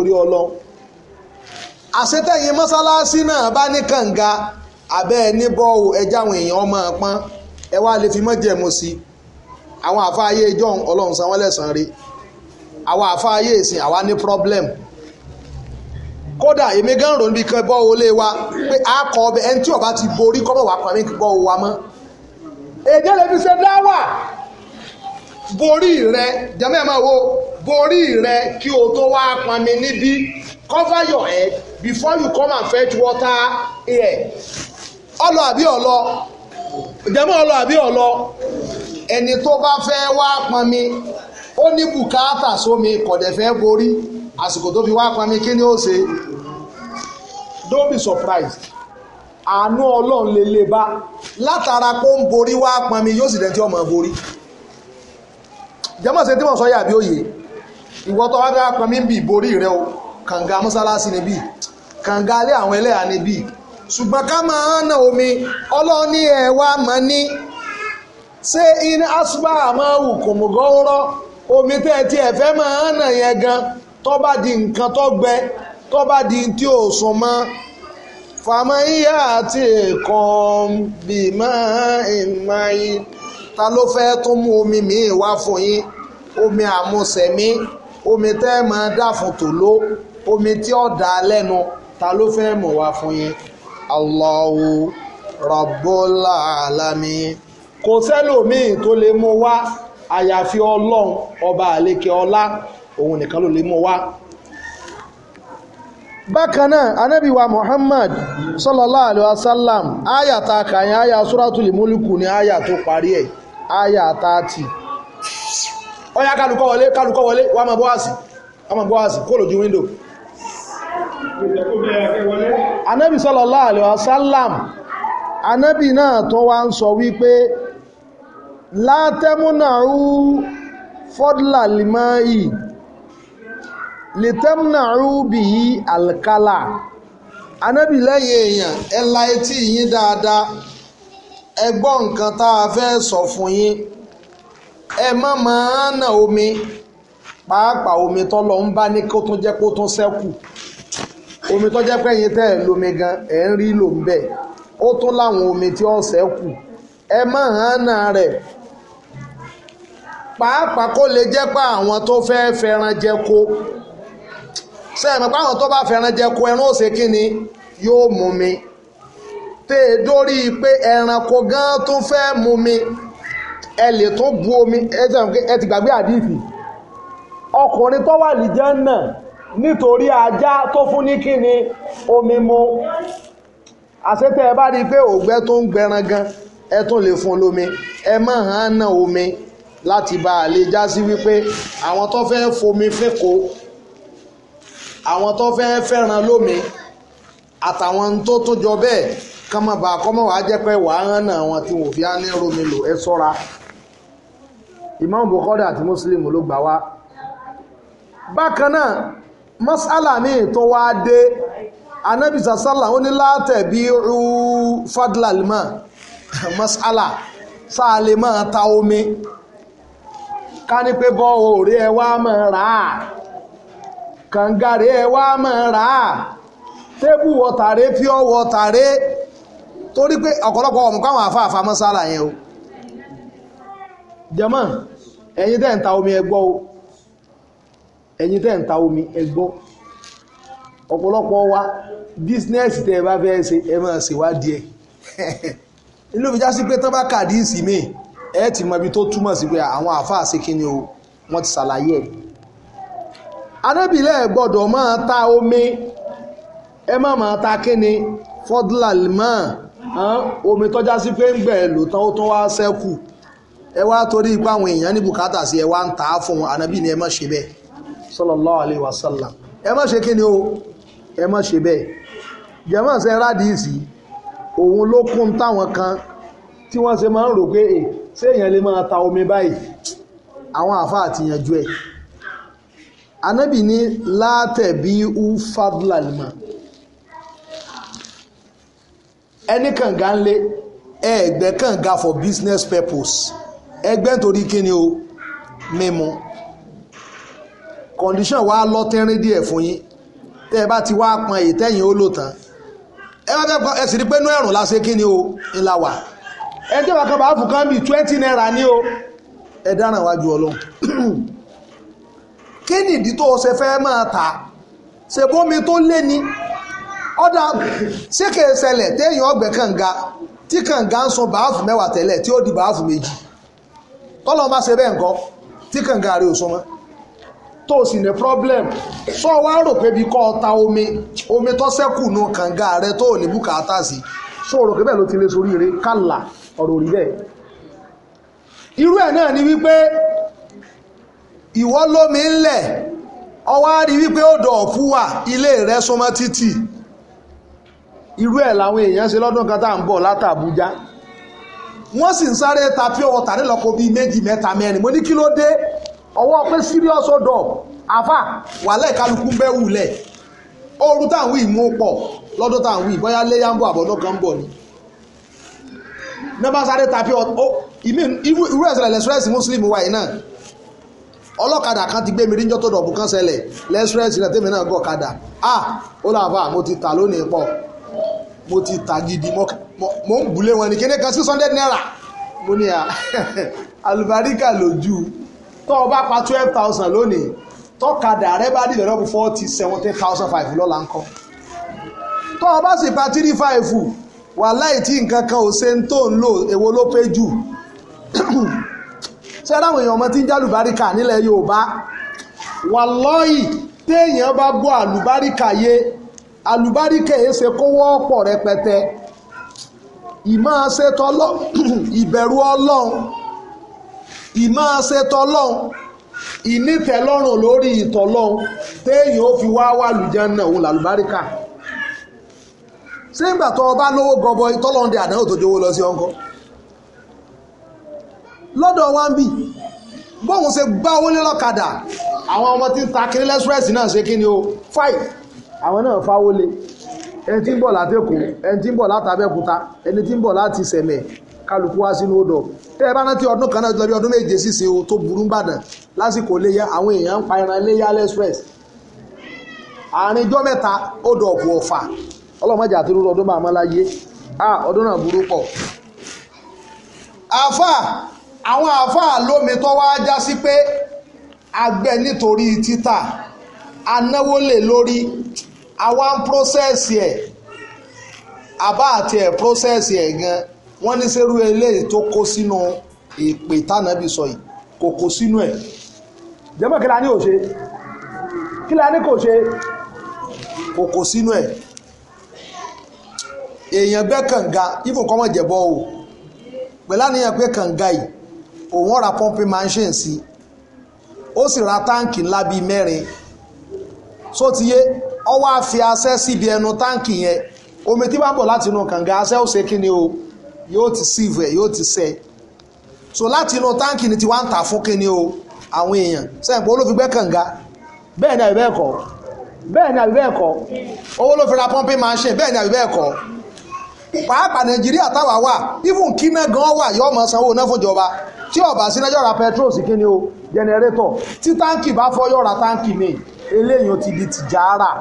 n ò àṣetẹ̀yìn masalasi náà bá ní kànga àbẹ́ ẹ ní bọ́ọ̀ ẹja àwọn èèyàn ọmọ pọ́n ẹ wá lè fi mọ́ jẹ̀mú sí àwọn àfáàyè ìjọ́un ọlọ́run san wọ́n lẹ́sàn-án rí àwọn àfáàyè ìsìn àwa ní problem kódà èmi gan rò níbi kan bọ́ọ̀ olé wa pé a kọ ọbẹ ẹni tí ọba ti borí kọ́mọ̀ wà pàmí bọ́ọ̀ wa mọ́ èdè lè fi ṣe dáwà borí rẹ jẹ́mẹ́ máa wo borí rẹ kí o tó wá pàmí níbí cover your head before you come and fetch water here ọlọ àbí ọlọ ìjẹ́mọ́ ọlọ àbí ọlọ ẹni tó bá fẹ́ wá pọnmi ó ní bùkátà sómi kọ̀dẹ̀ fẹ́ borí àsìkò tó fi wá pọnmi kí ni ó ṣe don't be surprised àánú ọlọ́run lè lè bá látara kó ń borí wá pọnmi yóò sì dẹ́ntí ọmọ borí ìjẹ́mọ́ ṣe tí mo sọ yà bí òye ìwọ tó wá fẹ́ wá pọnmi ń bì borí rẹ o. kànga mọ́sálásí níbí kànga alẹ́ àwọn ẹlẹ́yà níbí ṣùgbọ́n ká máa ń ná omi ọlọ́ọ̀ni ẹ̀ wá mọ́ ní ṣé iná asúbà máa wù kò mú gọ́ọ́rọ́ omi tẹ́ ẹ tiẹ̀ fẹ́ máa ń ná yẹn gan tó bá di nǹkan tó gbẹ tó di tí ò sùn mọ́ fàmáyà àti ẹ̀kan bímọ ìmáyé ta ló fẹ́ tún mú omi míì wá fún yín omi àmúṣẹ̀mí omi tẹ́ máa dà fún tòló omi tí ó dá ta ló fẹ́ mọ̀ wá fún yín Allahu Rabbul Alamin kò sẹ́lòmíì tó lè mú wá àyàfi ọlọ́run ọba àlékè ọlá òun nìkan ló lè mú wá bákanáà anábíwa Muhammad sallallahu alaihi suratul ni tó parí ẹ̀ wọlé wọlé bọ́ àsì kó lójú wíńdò anábì sallallahu alaihi wasallam anábì náà tó wá ń sọ wípé látẹ́múnàrú fọ́dúlà limáyì lìtẹ́múnàrú bìí alkala anábì lẹ́yìn èèyàn ẹ la etí yín dáadáa ẹ gbọ́ nǹkan tá a fẹ́ sọ fún yín ẹ má máa nà omi pàápàá omi tọ́lọ ń bá ní kó tún jẹ́ kó tún sẹ́kù omi tó jẹ́ pé yín tẹ́ ẹ̀ lómi gan ẹ̀ ń rí lò ń bẹ̀ ó tún láwọn omi tí ọ̀sẹ̀ kù ẹ má hánà rẹ̀ pàápàá kó lè jẹ́ pé àwọn tó fẹ́ fẹ́ràn jẹko sẹ́ẹ̀mì pé àwọn tó bá fẹ́ràn jẹko ẹran ó ṣe kí ni yóò mú mi tẹ́ ẹ dórí pé ẹranko gan tún fẹ́ mú mi ẹ lè tún bu omi ẹ ti gbàgbé àdìsí ọkùnrin tó wà ní náà nítorí ajá tó fún ní kíni omi mu àṣetẹ ẹ bá rí i pé ògbẹ tó ń gbẹran gan ẹ tún lè fún lómi ẹ má hàn náà omi láti bá a lè já sí wípé àwọn tó fẹ́ fomi fẹ́kọ̀ọ́ àwọn tó fẹ́ fẹ́ràn lómi àtàwọn tó tún jọ bẹ́ẹ̀ kán má bàa kọ́ mọ́ wàá jẹ́ pé wàá hàn náà wọn tí wọ́n fi á ní romi lò ẹ sọ́ra Imam Bukhari àti Muslim ló gbà wá bákan náà masala mi tó wá dé anabi sasala ó ní látẹ̀bí rú fadlalma masala sáà lè máa ta omi ká ní pé bọ́ òòrè ẹ wá máa rà á kàngàrè ẹ wá máa rà á tébù wọ̀tàrè pure wọ̀tàrè torí pé ọ̀pọ̀lọpọ̀ ọmọ káwọn masala yẹn o jẹ́mọ́ ẹ̀yin tẹ́ ta omi ẹ o ẹ̀yin tẹ́ ń ta omi ẹ gbọ́ ọ̀pọ̀lọpọ̀ wa bísínẹ́sì tẹ́ ẹ bá fẹ́ ṣe ẹ máa ṣèwádìí ẹ̀ inú fi já sí pé tán bá kàdí ìsìnmí ẹ ti mọ ibi tó túmọ̀ sí pé àwọn àáfàá ṣe kí ni o wọ́n ti ṣàlàyé ẹ̀ arábìlẹ̀ gbọ́dọ̀ máa ta omi ẹ má máa ta kí ni fọ́dúlàlímọ́ omi tọ́já sí pé ń gbẹ̀ lò tán ó tún wá ṣẹ́kù ẹ wá torí ipá àwọn èèyàn ní bùkátà sí ẹ wá ń ta á fún wọn ànábì ẹ má ṣe bẹ́ẹ̀ sallallahu alaihi wasallam ẹ má ṣe kíni o ẹ má ṣe bẹ́ẹ̀ jẹ́mọ́ ṣe rádìísì òun látẹ̀bí u fadlalma ẹni kànga ńlé ẹgbẹ́ kànga for business purpose ẹgbẹ́ nítorí kíni o mímu condition wa lọ tẹ́rín díẹ̀ fún yín tẹ́ ẹ bá ti wá pọn èyí tẹ́yìn ó lò tán ẹ bá fẹ́ ẹ sì rí pé inú ẹ̀rùn la ṣe kí ni o ńlá wà ẹ jẹ́ bàkan bá fún kan bíi twenty naira ní o ẹ dáràn wájú ọlọ́run kí ni ìdí tó o ṣe fẹ́ máa ta ṣèbómi tó lé ni ọ̀dà ṣé kìí ṣẹlẹ̀ téèyàn ọgbẹ́ kànga tí kànga ń sun báàfù mẹ́wàá tẹ́lẹ̀ tí ó di báàfù méjì tọ́lọ́ bá ṣe bẹ́ẹ̀ nǹkan tí kànga rẹ̀ ò sun tó sì ní problem sọ wá rò pé bí kò omi omi tó ṣẹ́kù nù kànga rẹ tó o ní bùkátà sí sọ rò pé bẹ́ẹ̀ ló ti lè sórí rẹ kàlà ọ̀rọ̀ bẹ́ẹ̀ irú ẹ̀ náà ni wípé ìwọ lómi ńlẹ̀ ọwọ́ á rí wípé odò ọ̀fú ilé rẹ̀ súnmọ́ títì irú ẹ̀ làwọn èèyàn ṣe lọ́dún kan tá ta nílọ́kọ̀ bíi mo ní kí ọwọ́ pé serious hold up àfà wàhálẹ̀ kálukú bẹ́ wulẹ̀ ooru táwọn ìmú pọ̀ lọ́dún táwọn ìbọn yá léyà ń bọ̀ àbọ̀dọ́ kan bọ̀ ni nọ́bà sáré tàbí irú ẹ̀sẹ̀lẹ̀ lẹ́sírẹ́sì muslim wa yìí náà ọlọ́kadà kan ti gbé mi ríjọ́ tó dọ̀bù kan ṣẹlẹ̀ lẹ́sírẹ́sì rẹ̀ tèmi náà gọ̀ kadà ah ó làbà mo ti tà lónìí pọ̀ mo ti tà gidi mo ń bùlé wọn ni kíní kan sí sunday naira mo ní à alùbáríkà lójú tó o bá pa twelve thousand lónìí tọ́kadà rẹ bá dìde lọ́pọ̀ forty seventeen thousand five lọ́la ńkọ́ tó o bá sì pa three five wàláì tí nǹkan kan ò ṣe ń tó ń lò èwo ló pé jù ṣé aláwọn èèyàn ọmọ tí ń jálùbáríkà nílẹ̀ Yorùbá wàlọ́ọ̀yì téèyàn bá gbọ́ àlùbáríkà yé àlùbáríkà yé ṣe kówó ọ̀pọ̀ rẹpẹtẹ ìmọ̀ ṣetọ́lọ́ ìbẹ̀rù Ọlọ́run ìmọ̀ ṣetọ́lọ́n ìnítẹ̀lọ́rùn lórí ìtọ́lọ́n téèyàn ó fi wá wà lùjánà òun làlùbáríkà ṣé ìgbà tó ọba lówó gọbọ ìtọ́lọ́run dé àdánwò tó jówó lọ sí ọkọ lọ́dọ̀ wa ń bì bóun ṣe bá owó lé lọ́kadà àwọn ọmọ tí ń ta kiri lẹ́sírẹ́sì náà ṣe kí ni o fáì àwọn náà fáwó lé ẹni tí ń bọ̀ látẹ̀kùn ẹni tí ń bọ̀ látàbẹ́kúta ẹni tí ń bọ̀ láti sẹ̀mẹ̀ kálukú wá sínú odò tẹ ẹ bá rántí ọdún kan náà lọ bí ọdún méje sísìn o tó burú Ìbàdàn lásìkò léyà àwọn èèyàn ń pa ẹran léyà lẹ́sírẹ́sì àárín ijọ́ mẹ́ta odò ọ̀pọ̀ ọ̀fà ọlọ́mọdé àti rúru ọdún máa mọ́ láyé ọdún náà burú pọ̀ àfà àwọn àfà lómi tó wá já sí pé agbẹ́ nítorí títà anáwó lè lórí àwa ń ẹ̀ àbá àti ẹ̀ prósẹ́sì ẹ̀ gan-an wọ́n ní sẹ́rú eléyìí tó kó sínú èpè tánàbí sọ yìí kò kó sínú ẹ̀ jẹ́mọ̀ kí la ní òṣe kí la ní kò ṣe kò kó sínú ẹ̀ èèyàn bẹ́ kànga even kọ́mọ̀ jẹ̀bọ́ o pẹ̀lú àníyàn pé kànga yìí òun ra pumping machine sí ó sì ra táǹkì ńlá bíi mẹ́rin só ti yé ọwọ́ àfi asẹ́ síbi ẹnu táǹkì yẹn omi tí bá ń bọ̀ láti inú kànga asẹ́ ó ṣe kí ni o yóò ti síìvù ẹ̀ yóò ti sẹ́ so láti inú táǹkì ni ti wá ń tà fún kíni o àwọn èèyàn sẹ́yìn pé olófìgbẹ́ kànga bẹ́ẹ̀ ni àbí bẹ́ẹ̀ kọ́ bẹ́ẹ̀ ni àbí bẹ́ẹ̀ kọ́ owó ló fi ra pumping machine bẹ́ẹ̀ ni àbí bẹ́ẹ̀ kọ́ pàápàá nàìjíríà táwa wà even kíná gan wà yóò máa sanwó náà fúnjọba tí ọba sínájọ́ ra petrol sí kíni o jẹnẹrétọ̀ tí táǹkì bá fọ́ yọ̀ra táǹkì mi eléyìí ó ti di tìjára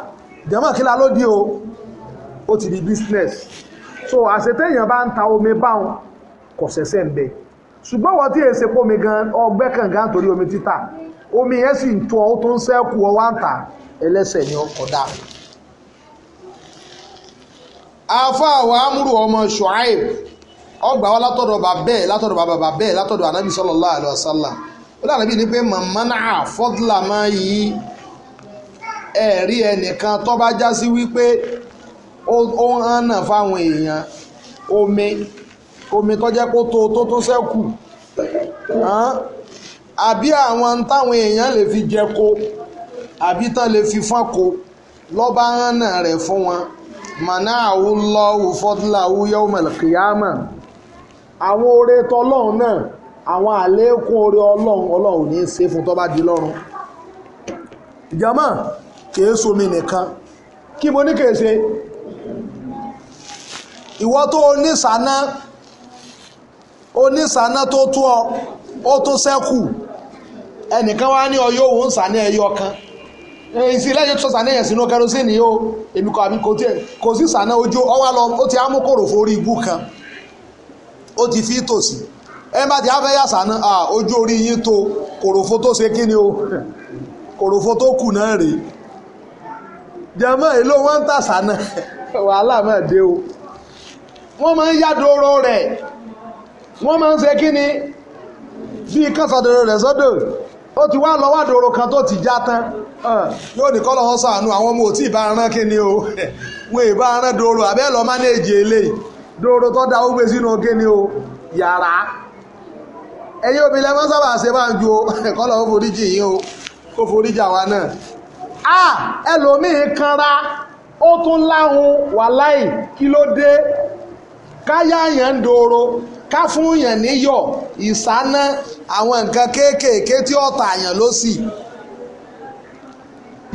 jẹ́mọ̀ kí la ló di o ó ti di business so àṣetẹ̀yìn bá ń ta omi báwọn kò ṣẹ̀ṣẹ̀ ń bẹ ṣùgbọ́n wọ́n tí èsè pọ̀ mi gan ọgbẹ́ kàngan torí omi títà omi yẹn sì ń tọ́ ọ tó ń sẹ́kù ọ wá ń tà ẹlẹ́sẹ̀ ni ọkọ̀ dá. afa wa amúrù ọmọ Shuaib ọgbà wa látọ̀dọ̀ bàbá bẹ́ẹ̀ látọ̀dọ̀ bàbá bàbá bẹ́ẹ̀ látọ̀dọ̀ anabi sallallahu alaihi wasallam ó dàbí ni pé mọ̀mọ́nà fọ́dúlà máa yí ẹ̀rí ẹnìkan tó bá já sí wípé ó ń hàn náà fáwọn èèyàn omi omi tó jẹ́ kó tó tó tó sẹ́kù àbí àwọn táwọn èèyàn lè fi jẹ ko àbí tán lè fi fọ́n ko lọ́ba hàn náà rẹ̀ fún wọn màná àwọn lọ́wọ́ fọ́dúnlá wúyẹ́ òmìnirìkìyàmà àwọn oore tọlọ́run náà àwọn àlékún oore ọlọ́run ọlọ́run ò ní í ṣe fún tó bá di lọ́run ìjàmọ́ kìí somi nìkan kí mo ní kìí ìwọ tó oníṣáná oníṣáná tó tó ọ ó tún sẹ́kù ẹnìkan wá ní ọyọ́ òun ṣáná ẹyọ kan èsì lẹ́yìn tó ṣáná yẹn sínú kẹrosínì yìí ó èmi kò àmì kò sí ṣáná ojú ọwọ́ lọ ó ti amúkòrò forí ibú kan ó ti fi tòsí ẹ bá ti afẹ́ yàsà náà ojú orí yín tó kòròfo tó ṣe kí o kòròfo tó kù náà rèé jẹ́mọ́ èlò wọ́n ń tàṣà náà wàhálà máa dé o wọ́n máa ń yádòrò rẹ̀ wọ́n máa ń ṣe kí ni bí kásàdòrò rẹ̀ sọ́dọ̀ ó ti wá lọ wádòrò kan tó ti já tán yóò ní kọ́lọ̀ wọn sàánú àwọn ọmọ òtí ìbá rán kí ni o wọn ìbá rán dòrò àbẹ́ lọ mánéèjì eléyìí dòrò tó da ó gbé sínú kí ni o yàrá ẹ̀yin obìnrin lẹ́mọ́ sábà ṣe máa ń ju kọ́lọ̀ ó foríjì yín o kó foríjì àwa náà ẹlòmíín kanra ó tún láhùn wàláì kí ló dé ká ya ń dòrò ká fún yàn níyọ̀ ìsáná àwọn nǹkan kéékèèké tí ló sì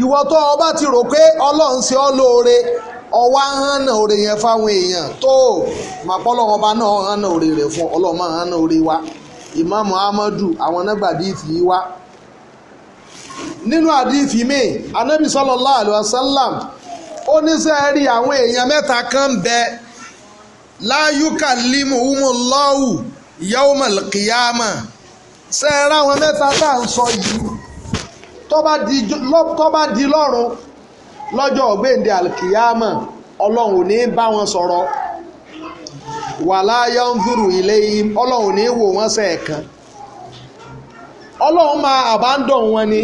ìwọ tó ti rò pé ọlọ́run ṣe ọ́ lóore ọwá hànà òre yẹn fáwọn èèyàn tó màpọ́lọ́wọ́n bá náà hànà òre rẹ̀ fún ọlọ́mọ hànà òre wa ìmáàmù amadu àwọn ìfì wa nínú àdífì míì anábì sallallahu alaihi wasallam ó ní àwọn èèyàn láyúkà límù umu lọ́wù yawmal qiyama ṣe é ráwọn mẹ́ta tá à ń sọ yìí to ba di lọ́rùn lọ́jọ́ ọ̀gbẹ́ǹde alkiyama ọlọ́run ò ní ba wọn soro wàlá yanzuru ilayhim ọlọ́run ò ní wò wọ́n wọn ni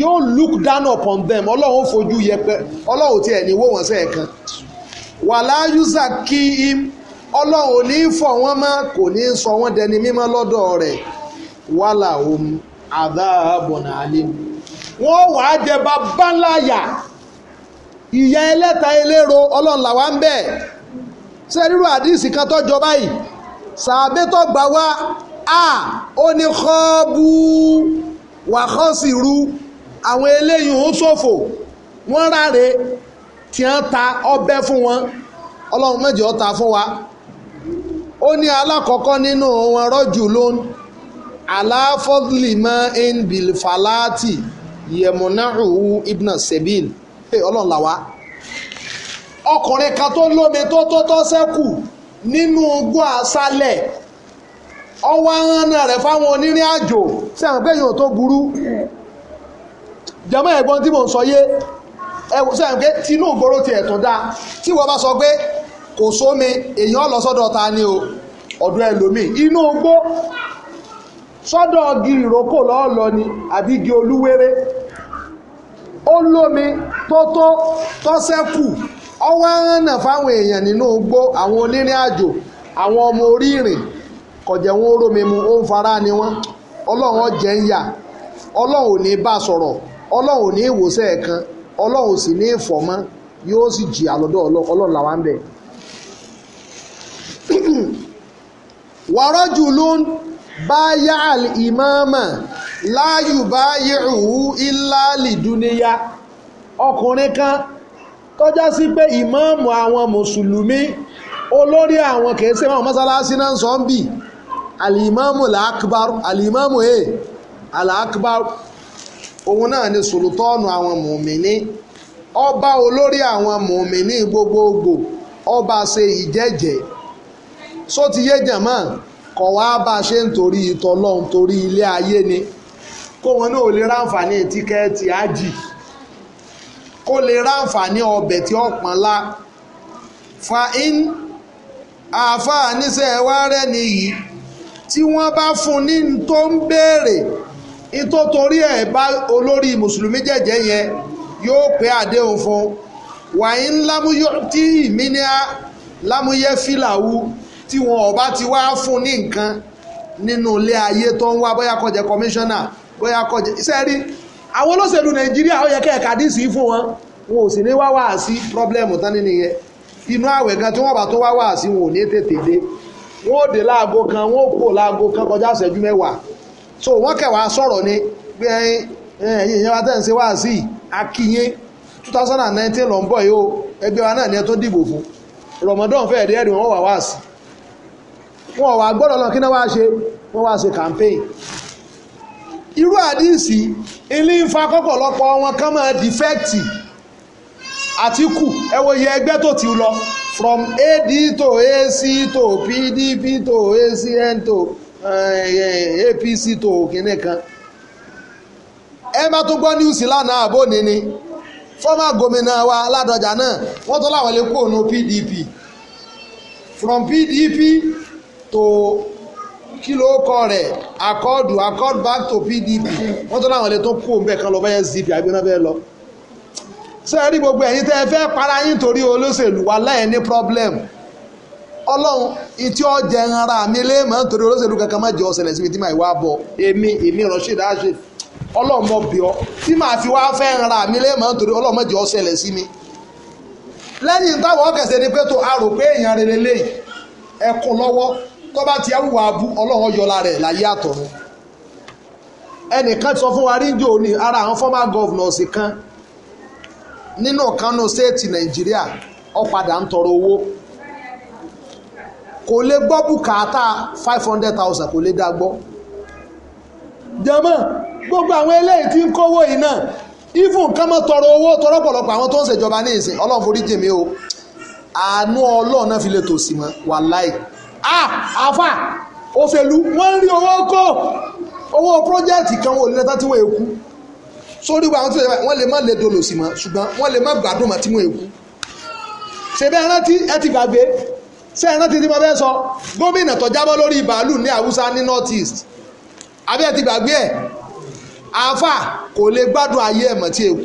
yóò look down upon them ọlọ́run fojú yẹpẹ ọlọ́run tiẹ̀ wọ́n wàlá yúzà kí im ọlọ́run ò ní fọ̀ wọ́n mọ́ kò ní sọ wọ́n dẹni mímọ́ lọ́dọ̀ rẹ̀ wàlà òun àdáàbọ̀nà àlẹ́ wọ́n wàá jẹ bàbá láyà ìyá ẹlẹ́ta eléro ọlọ́run làwa ń bẹ̀ ṣé rírú àdìsí kan tó báyìí sàbẹ́ tó gbà wá a ó ní kọ́ọ́bù wàhọ́sì ru àwọn eléyìí ń ṣòfò wọ́n ráre tí wọ́n ta ọbẹ̀ fún wọn ọlọ́run méjì ó ta fún wa ó ní alákọ̀ọ́kọ́ nínú wọn rọ́jù ló ń aláfọ́dúlìmọ́ ń bìlfàláàtì yẹ̀mùnáhùhù ibn sebil ọlọ́run làwá ọkùnrin kan tó lómi tó tó tó sẹ́kù nínú ugbó àṣálẹ̀ ọwọ́ ahọ́nà rẹ̀ fáwọn onírìn àjò sí àwọn pé èèyàn tó burú jẹ́mọ́ ẹ̀gbọ́n tí mò ń sọ yé ẹwù sọ yẹn tiẹ̀ tó dáa tí wọ́n bá sọ pé kò sómi lọ sọ́dọ̀ ta ni o ọ̀dọ̀ ẹlòmíì inú igbó sọ́dọ̀ ọgì ìrókò lọ́ọ̀lọ́ ni àbí igi olúwéré ó lómi tọ́sẹ́kù ọwọ́ fáwọn èèyàn nínú àwọn onírìn àjò ọmọ orí ìrìn kọjá wọn ó mu ó ń fara ni ọlọ́run jẹ́ ń yà ọlọ́run sì ní ìfọ̀mọ́ yóò sì jìyà lọ́dọ̀ ọlọ́run làwọn bẹ̀. wàrọ́jù ló ń bá yá ìmáàmà láàyù bá yẹ òwú ilá lìdúníyà ọkùnrin kan tọ́já sí pé ìmáàmù àwọn mùsùlùmí olórí àwọn kèése wọn mọ́sálásí náà sọ ń bì alìmáàmù làákùbárù alìmáàmù ẹ̀ alàákùbárù òun náà ni sòlùtọ́ọ̀nù àwọn mùmíní ọba olórí àwọn mùmíní gbogbogbò ọba ṣe ìjẹ́jẹ́ só ti yé jàmọ́ kọ̀ wá bá a ṣe ń torí ìtọ́lọ́hún ilé ayé ni kó wọn náà lè ráǹfààní tíkẹ́ẹ̀tì ájì kó lè ráǹfààní ọbẹ̀ tí ó lá fa in wá bá fún ní tó ń béèrè ìtò torí ẹ̀ bá olórí mùsùlùmí jẹ́jẹ́ yẹn yóò pé àdéhùn fún wàyí ńlámúyọ tí ìmíníà lámúyẹ fìlàwú tí wọn ọba ti wá fún ní nǹkan nínú ilé ayé tó ń wá bóyá kó jẹ́ kọmíṣánná bóyá kó jẹ́ iṣẹ́ rí àwọn olóṣèlú nàìjíríà ó yẹ kẹ́ẹ̀ka díìsì fún wọn wọn ò sì ní wá wá sí pírọ́blẹ́mù tán nínú yẹn inú àwẹ̀ gan tí wọ́n bá tó wá wá sí wọn ò ní tètè dé wọn ò dé láago kan wọn ò kó láago kan kọjá ìṣẹ́jú mẹ́wàá so wọ́n kẹwàá sọ̀rọ̀ ni pé ẹ̀yin ìyẹn wa tẹ̀ ń ṣe wá sí akínyé 2019 ló ń bọ̀ yìí o ẹgbẹ́ wa náà ni ẹ tó dìbò fún Ramadan fẹ́ẹ̀ dẹ́rì wọ́n wà wá sí wọ́n wà gbọ́dọ̀ lọ kí náà wá ṣe wọ́n wá ṣe campaign irú àdíìsì ilé ń fa kọ́kọ̀ lọ́pọ̀ wọn kán máa dìfẹ́ẹ̀tì Àtíkù ẹ wo iye ẹgbẹ́ tó ti lọ from AD to AC to PDP to ACN to Eh, eh, APC to kìíní kan ẹ bá tó gbọ́ níwùsì lánàá àbó wa Ládọjà naa wọ́n tó láwọn lè kó ònú PDP from PDP to kí ló kọ accord accord back to PDP wọ́n tó láwọn lè tó kó òun bẹ́ẹ̀ kan lọ bẹ́ẹ̀ SDP àgbẹ̀nà bẹ́ẹ̀ lọ sẹ́ẹ̀rí gbogbo ẹ̀yin tẹ́ ẹ fẹ́ para yín torí olóṣèlú wa láyé ní problem ọlọ́run ìtí ọjà ẹran ara mi ma nítorí olóṣèlú kankan má jẹ́ ọ̀sẹ̀lẹ̀ síbi tí màá wá bọ̀ èmi èmi ránṣẹ́ dáṣe ọlọ́run mọ̀ bí tí màá fi wá fẹ́ ara mi ọlọ́run pé a rò pé lọ́wọ́ tó bá ti ẹwùwà abú ọlọ́run yọlá rẹ̀ láyé àtọ̀run ẹnìkan sọ fún ara àwọn kò lè gbọ́ bùkátà five hundred thousand kò lè dá gbọ́ jẹ́mọ́ gbogbo àwọn eléyìí tí ń kówó yìí náà even ká má tọrọ owó tọrọ pọ̀lọpọ̀ àwọn tó ń ṣèjọba ní ìsìn ọlọ́run forí jèmi o àánú ọlọ́run náà fi lè tòsí mọ́ wàláì ah àfà òṣèlú wọ́n ń rí owó kó owó pọ́jẹ́ẹ̀tì kan wò lẹ́tà tí wọ́n èkú sórí wa wọ́n lè má lè dolòsì mọ́ ṣùgbọ́n wọ́n lè má gbádùn mọ́ tí wọ́n èkú ṣe bẹ́ẹ̀ rántí ẹ ti gbàgbé ṣé ẹ rántí tí mo fẹ́ sọ gómìnà tó jábọ́ lórí bàálù ní Haúsá ní north east abẹ́ ti gbàgbé ẹ̀ àáfà kò lè gbádùn ayé ẹ̀mọ́ tí èkú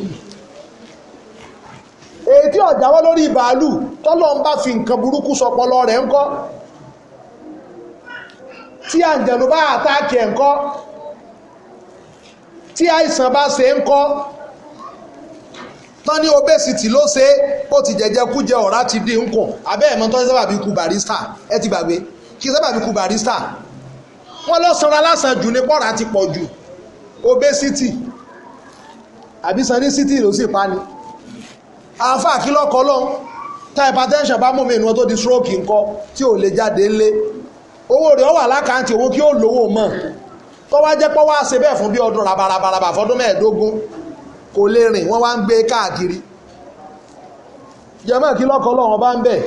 èyí tí ó lórí bàálù tọ́lọ́ ń bá fi nǹkan burúkú sọpọlọ rẹ̀ ńkọ́ tí àǹjẹ̀lú bá àtáàkì ẹ̀ ńkọ́ tí àìsàn bá ṣe ńkọ́ tán ní obesity ló ṣe é ó ti jẹjẹ kújẹ ọ̀rá ti dín nkùn abẹ́ ẹ̀mọ́ tó ń sábà bí ku barista ẹ ti gbàgbé kí sábà bí ku barista wọ́n lọ sanra lásán jù ní pọ́ra ti pọ̀ jù obesity àbí sanicity ló sì pa ni àáfàá kí lọ́kọ́ lọ́n tá hypertension bá mú mi ìnú tó di stroke ńkọ́ tí ò lè jáde ńlé owó rẹ̀ wà lákàntì owó kí ó lówó mọ̀ tó wá jẹ́ pọ́ wá ṣe bẹ́ẹ̀ fún bí ọdún rabarabara fọdún mẹ́ẹ̀ẹ́dógún kò lè rìn wọ́n wá ń gbé káàkiri jẹ́mọ́ kí lọ́kọ̀ ọlọ́run ọba ń bẹ̀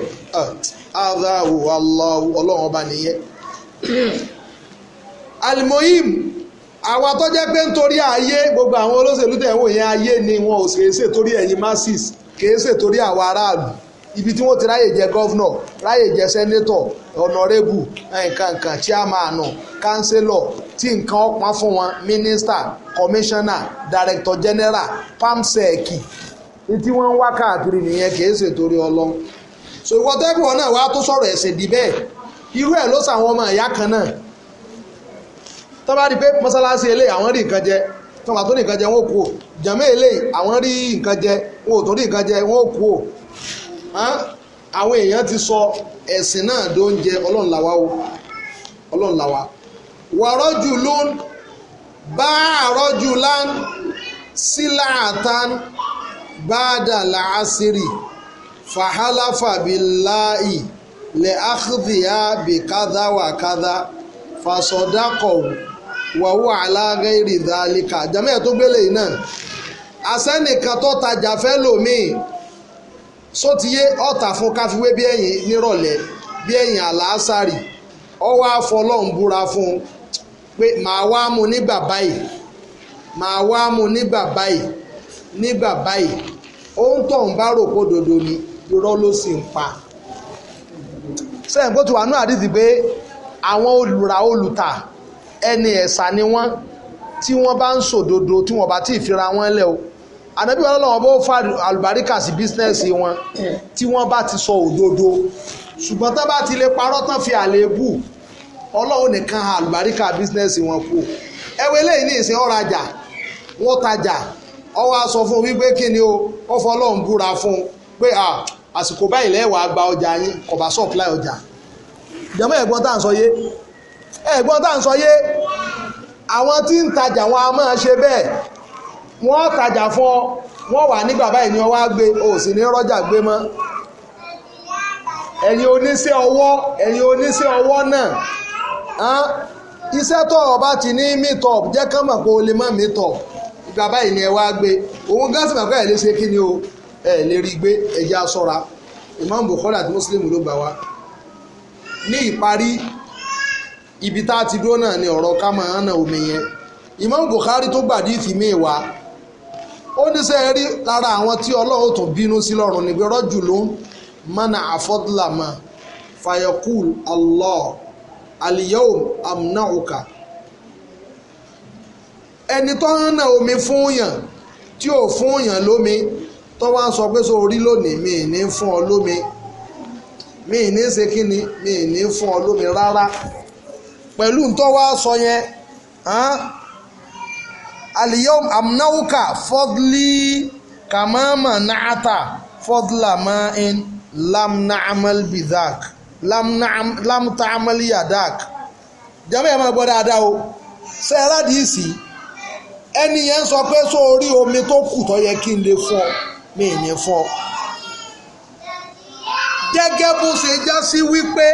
adáwò ọlọ́run ọba nìyẹn alimoyim àwa tó jẹ́ pé nítorí ayé gbogbo àwọn olóṣèlú tẹ̀ ń wò yẹn ayé ni wọn ò ṣeé ṣe torí ẹ̀yin masses kèé ṣe torí àwa aráàlú ibi tí wọ́n ti ráyè jẹ gọ́vnọ̀ ráyè jẹ sẹ́nétọ̀ ọ̀nàrẹ́bù nǹkankan chairmanu kánsílọ̀ tí nǹkan ọ̀pọ̀n fún wọn mínísítà kọmíṣánná dàrẹ́tọ̀ jẹ́nẹ́rà pàmsẹ̀ẹ̀kì tí wọ́n ń wá káàkiri nìyẹn kìí ṣètòrí ọlọ́ so ìwọ tẹ́kùn ọ̀nà wa tó sọ̀rọ̀ ẹ̀sìn dì bẹ́ẹ̀ irú ẹ̀ ló sàwọn ọmọ ìyá kan náà tó bá rí pé mọ́sálásí eléyìí àwọn rí nǹkan jẹ tó bá tó rí nǹkan jẹ wọn kú ò jàmẹ́ eléyìí àwọn rí nǹkan jẹ wọn ò tó rí nǹkan jẹ wọn kú ò àwọn èèyàn ti sọ ẹ̀sìn náà dó ń jẹ ọlọ́run làwa o ọlọ́run làwa wàrọ́jù ló ń bá àrọ́jù lán síláàtàn báàdà làásìrì fàhálàfà bíláì lè ákìdíyà bí kádà wà kádà fàṣọdákọ̀ wàhùn aláàgẹ́ ìrìdá àlìkà jàmẹ́ẹ̀ tó gbélé yìí náà àṣẹ́nìkan tó tajà fẹ́ lòmíì sótìyé ọ̀tà fún káfíwé bí ẹ̀yìn nírọ̀lẹ́ bí ẹ̀yìn àlàásàrì ọwọ́ àfọlọ́hún búra fún un pé màá wá mu ní bàbá yìí màá wá mu ní bàbá yìí ní bàbá yìí òun tó ń bá rò pé dodo ni irọ́ ló sì ń pa sẹ́yìn bó ti wà ní àdìsí pé àwọn olùrà olùtà ẹni ẹ̀sà ni wọ́n tí wọ́n bá ń sòdodo tí wọ́n bá tí fira wọn lẹ́ ànábì wọn lọ́wọ́ bó fa àlùbáríkà sí bísínẹ́sì wọn tí wọ́n bá ti sọ òdodo ṣùgbọ́n tán bá ti lè parọ́ tán fi àléébù ọlọ́run nìkan àlùbáríkà bísínẹ́sì wọn kú ẹwẹ́ lẹ́yìn ní ìsìn ọ̀rajà wọ́n tajà ọwọ́ aṣọ fún wípé kí ni o ó fọlọ́run búra fún pé àsìkò báyìí lẹ́wàá gba ọjà yín kò bá supply ọjà ìjọba ẹ̀gbọ́n tá à ń sọ yé ẹ̀gbọ́n tá à ń sọ yé àwọn tí ń tajà wọn a máa ṣe bẹ́ẹ̀ wọ́n tajà fún ọ wọ́n wà ní bàbá ìní ọwọ́ àgbẹ̀ o sì ní rọ́jà gbé mọ́ ẹ̀yin oníṣẹ́ ọwọ́ ẹ̀yin oníṣẹ́ ọwọ́ náà iṣẹ́ tó o bá ti ní meet up jẹ́ kán mọ̀ pé o lè má meet up bàbá ìní ẹ̀ wá gbé òun gáàsì bàbá ẹ̀ lè ṣe kí ni o ẹ̀ lè rí gbé ẹ̀jẹ̀ aṣọra Imam Bukhari àti Muslim ló gbà wá ní ìparí ibi tá a ti dúró náà ni ọ̀rọ̀ ká máa ń na omi yẹn Imam Bukhari tó gbàdí ìfìmí wa ó ní sẹ́ rí lára àwọn tí ọlọ́run tó bínú sí lọ́rùn níbi rọ́jù ló ń mana àfọ́dúlàmà fayakul allah aliyahum amnauka ẹni tó ń na omi fún yàn tí ò fún yàn lómi tó wá ń sọ pé so orí lónìí mi ní fún ọ lómi mi ní ṣe kí ni mi ní fún ọ lómi rárá pẹ̀lú tó wá sọ yẹn aliyom amnauka fọdlí kàmáàmà nàátà fọdlàmà in lam na'amal bidak lam na'am lam ta'amal yadak jàmbá yẹn máa gbọ́ dáadáa o ṣe é rádìísì ẹni yẹn sọ pé sórí omi tó kù tó yẹ kí n lè fọ mi ì ní fọ gẹ́gẹ́ bó ṣe já sí wípé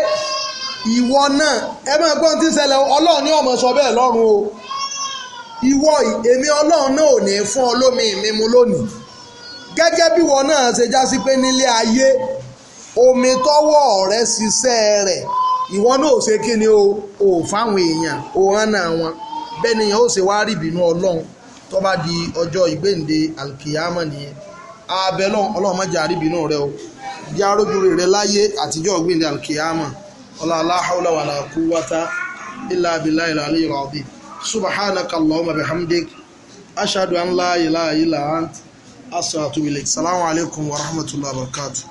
ìwọ náà ẹ máa gbọ́n tí ń ṣẹlẹ̀ ọlọ́run ọmọ sọ bẹ́ẹ̀ lọ́rùn o. ìwọ èmi ọlọ́run náà ò ní fún ọ lómi ìmímu lónìí gẹ́gẹ́ bí wọn náà ṣe pé nílé ayé omi tọ́wọ́ rẹ ṣiṣẹ́ rẹ̀ ìwọ náà ò ṣe kí ni o ò fáwọn èèyàn ò hàn náà wọn bẹ́ẹ̀ ni yẹn ó ṣe wáá rí di ọjọ́ ìgbéǹde alkiyama nìyẹn abẹ lọ́hùn ọlọ́run má jẹ́ o di arójú láyé àtijọ́ ìgbéǹde alkiyama kú ilà subhanaka allahumma bihamdik ashhadu an la ilaha illa ant astaghfiruka wa atubu ilaik salamu alaykum wa rahmatullahi wa barakatuh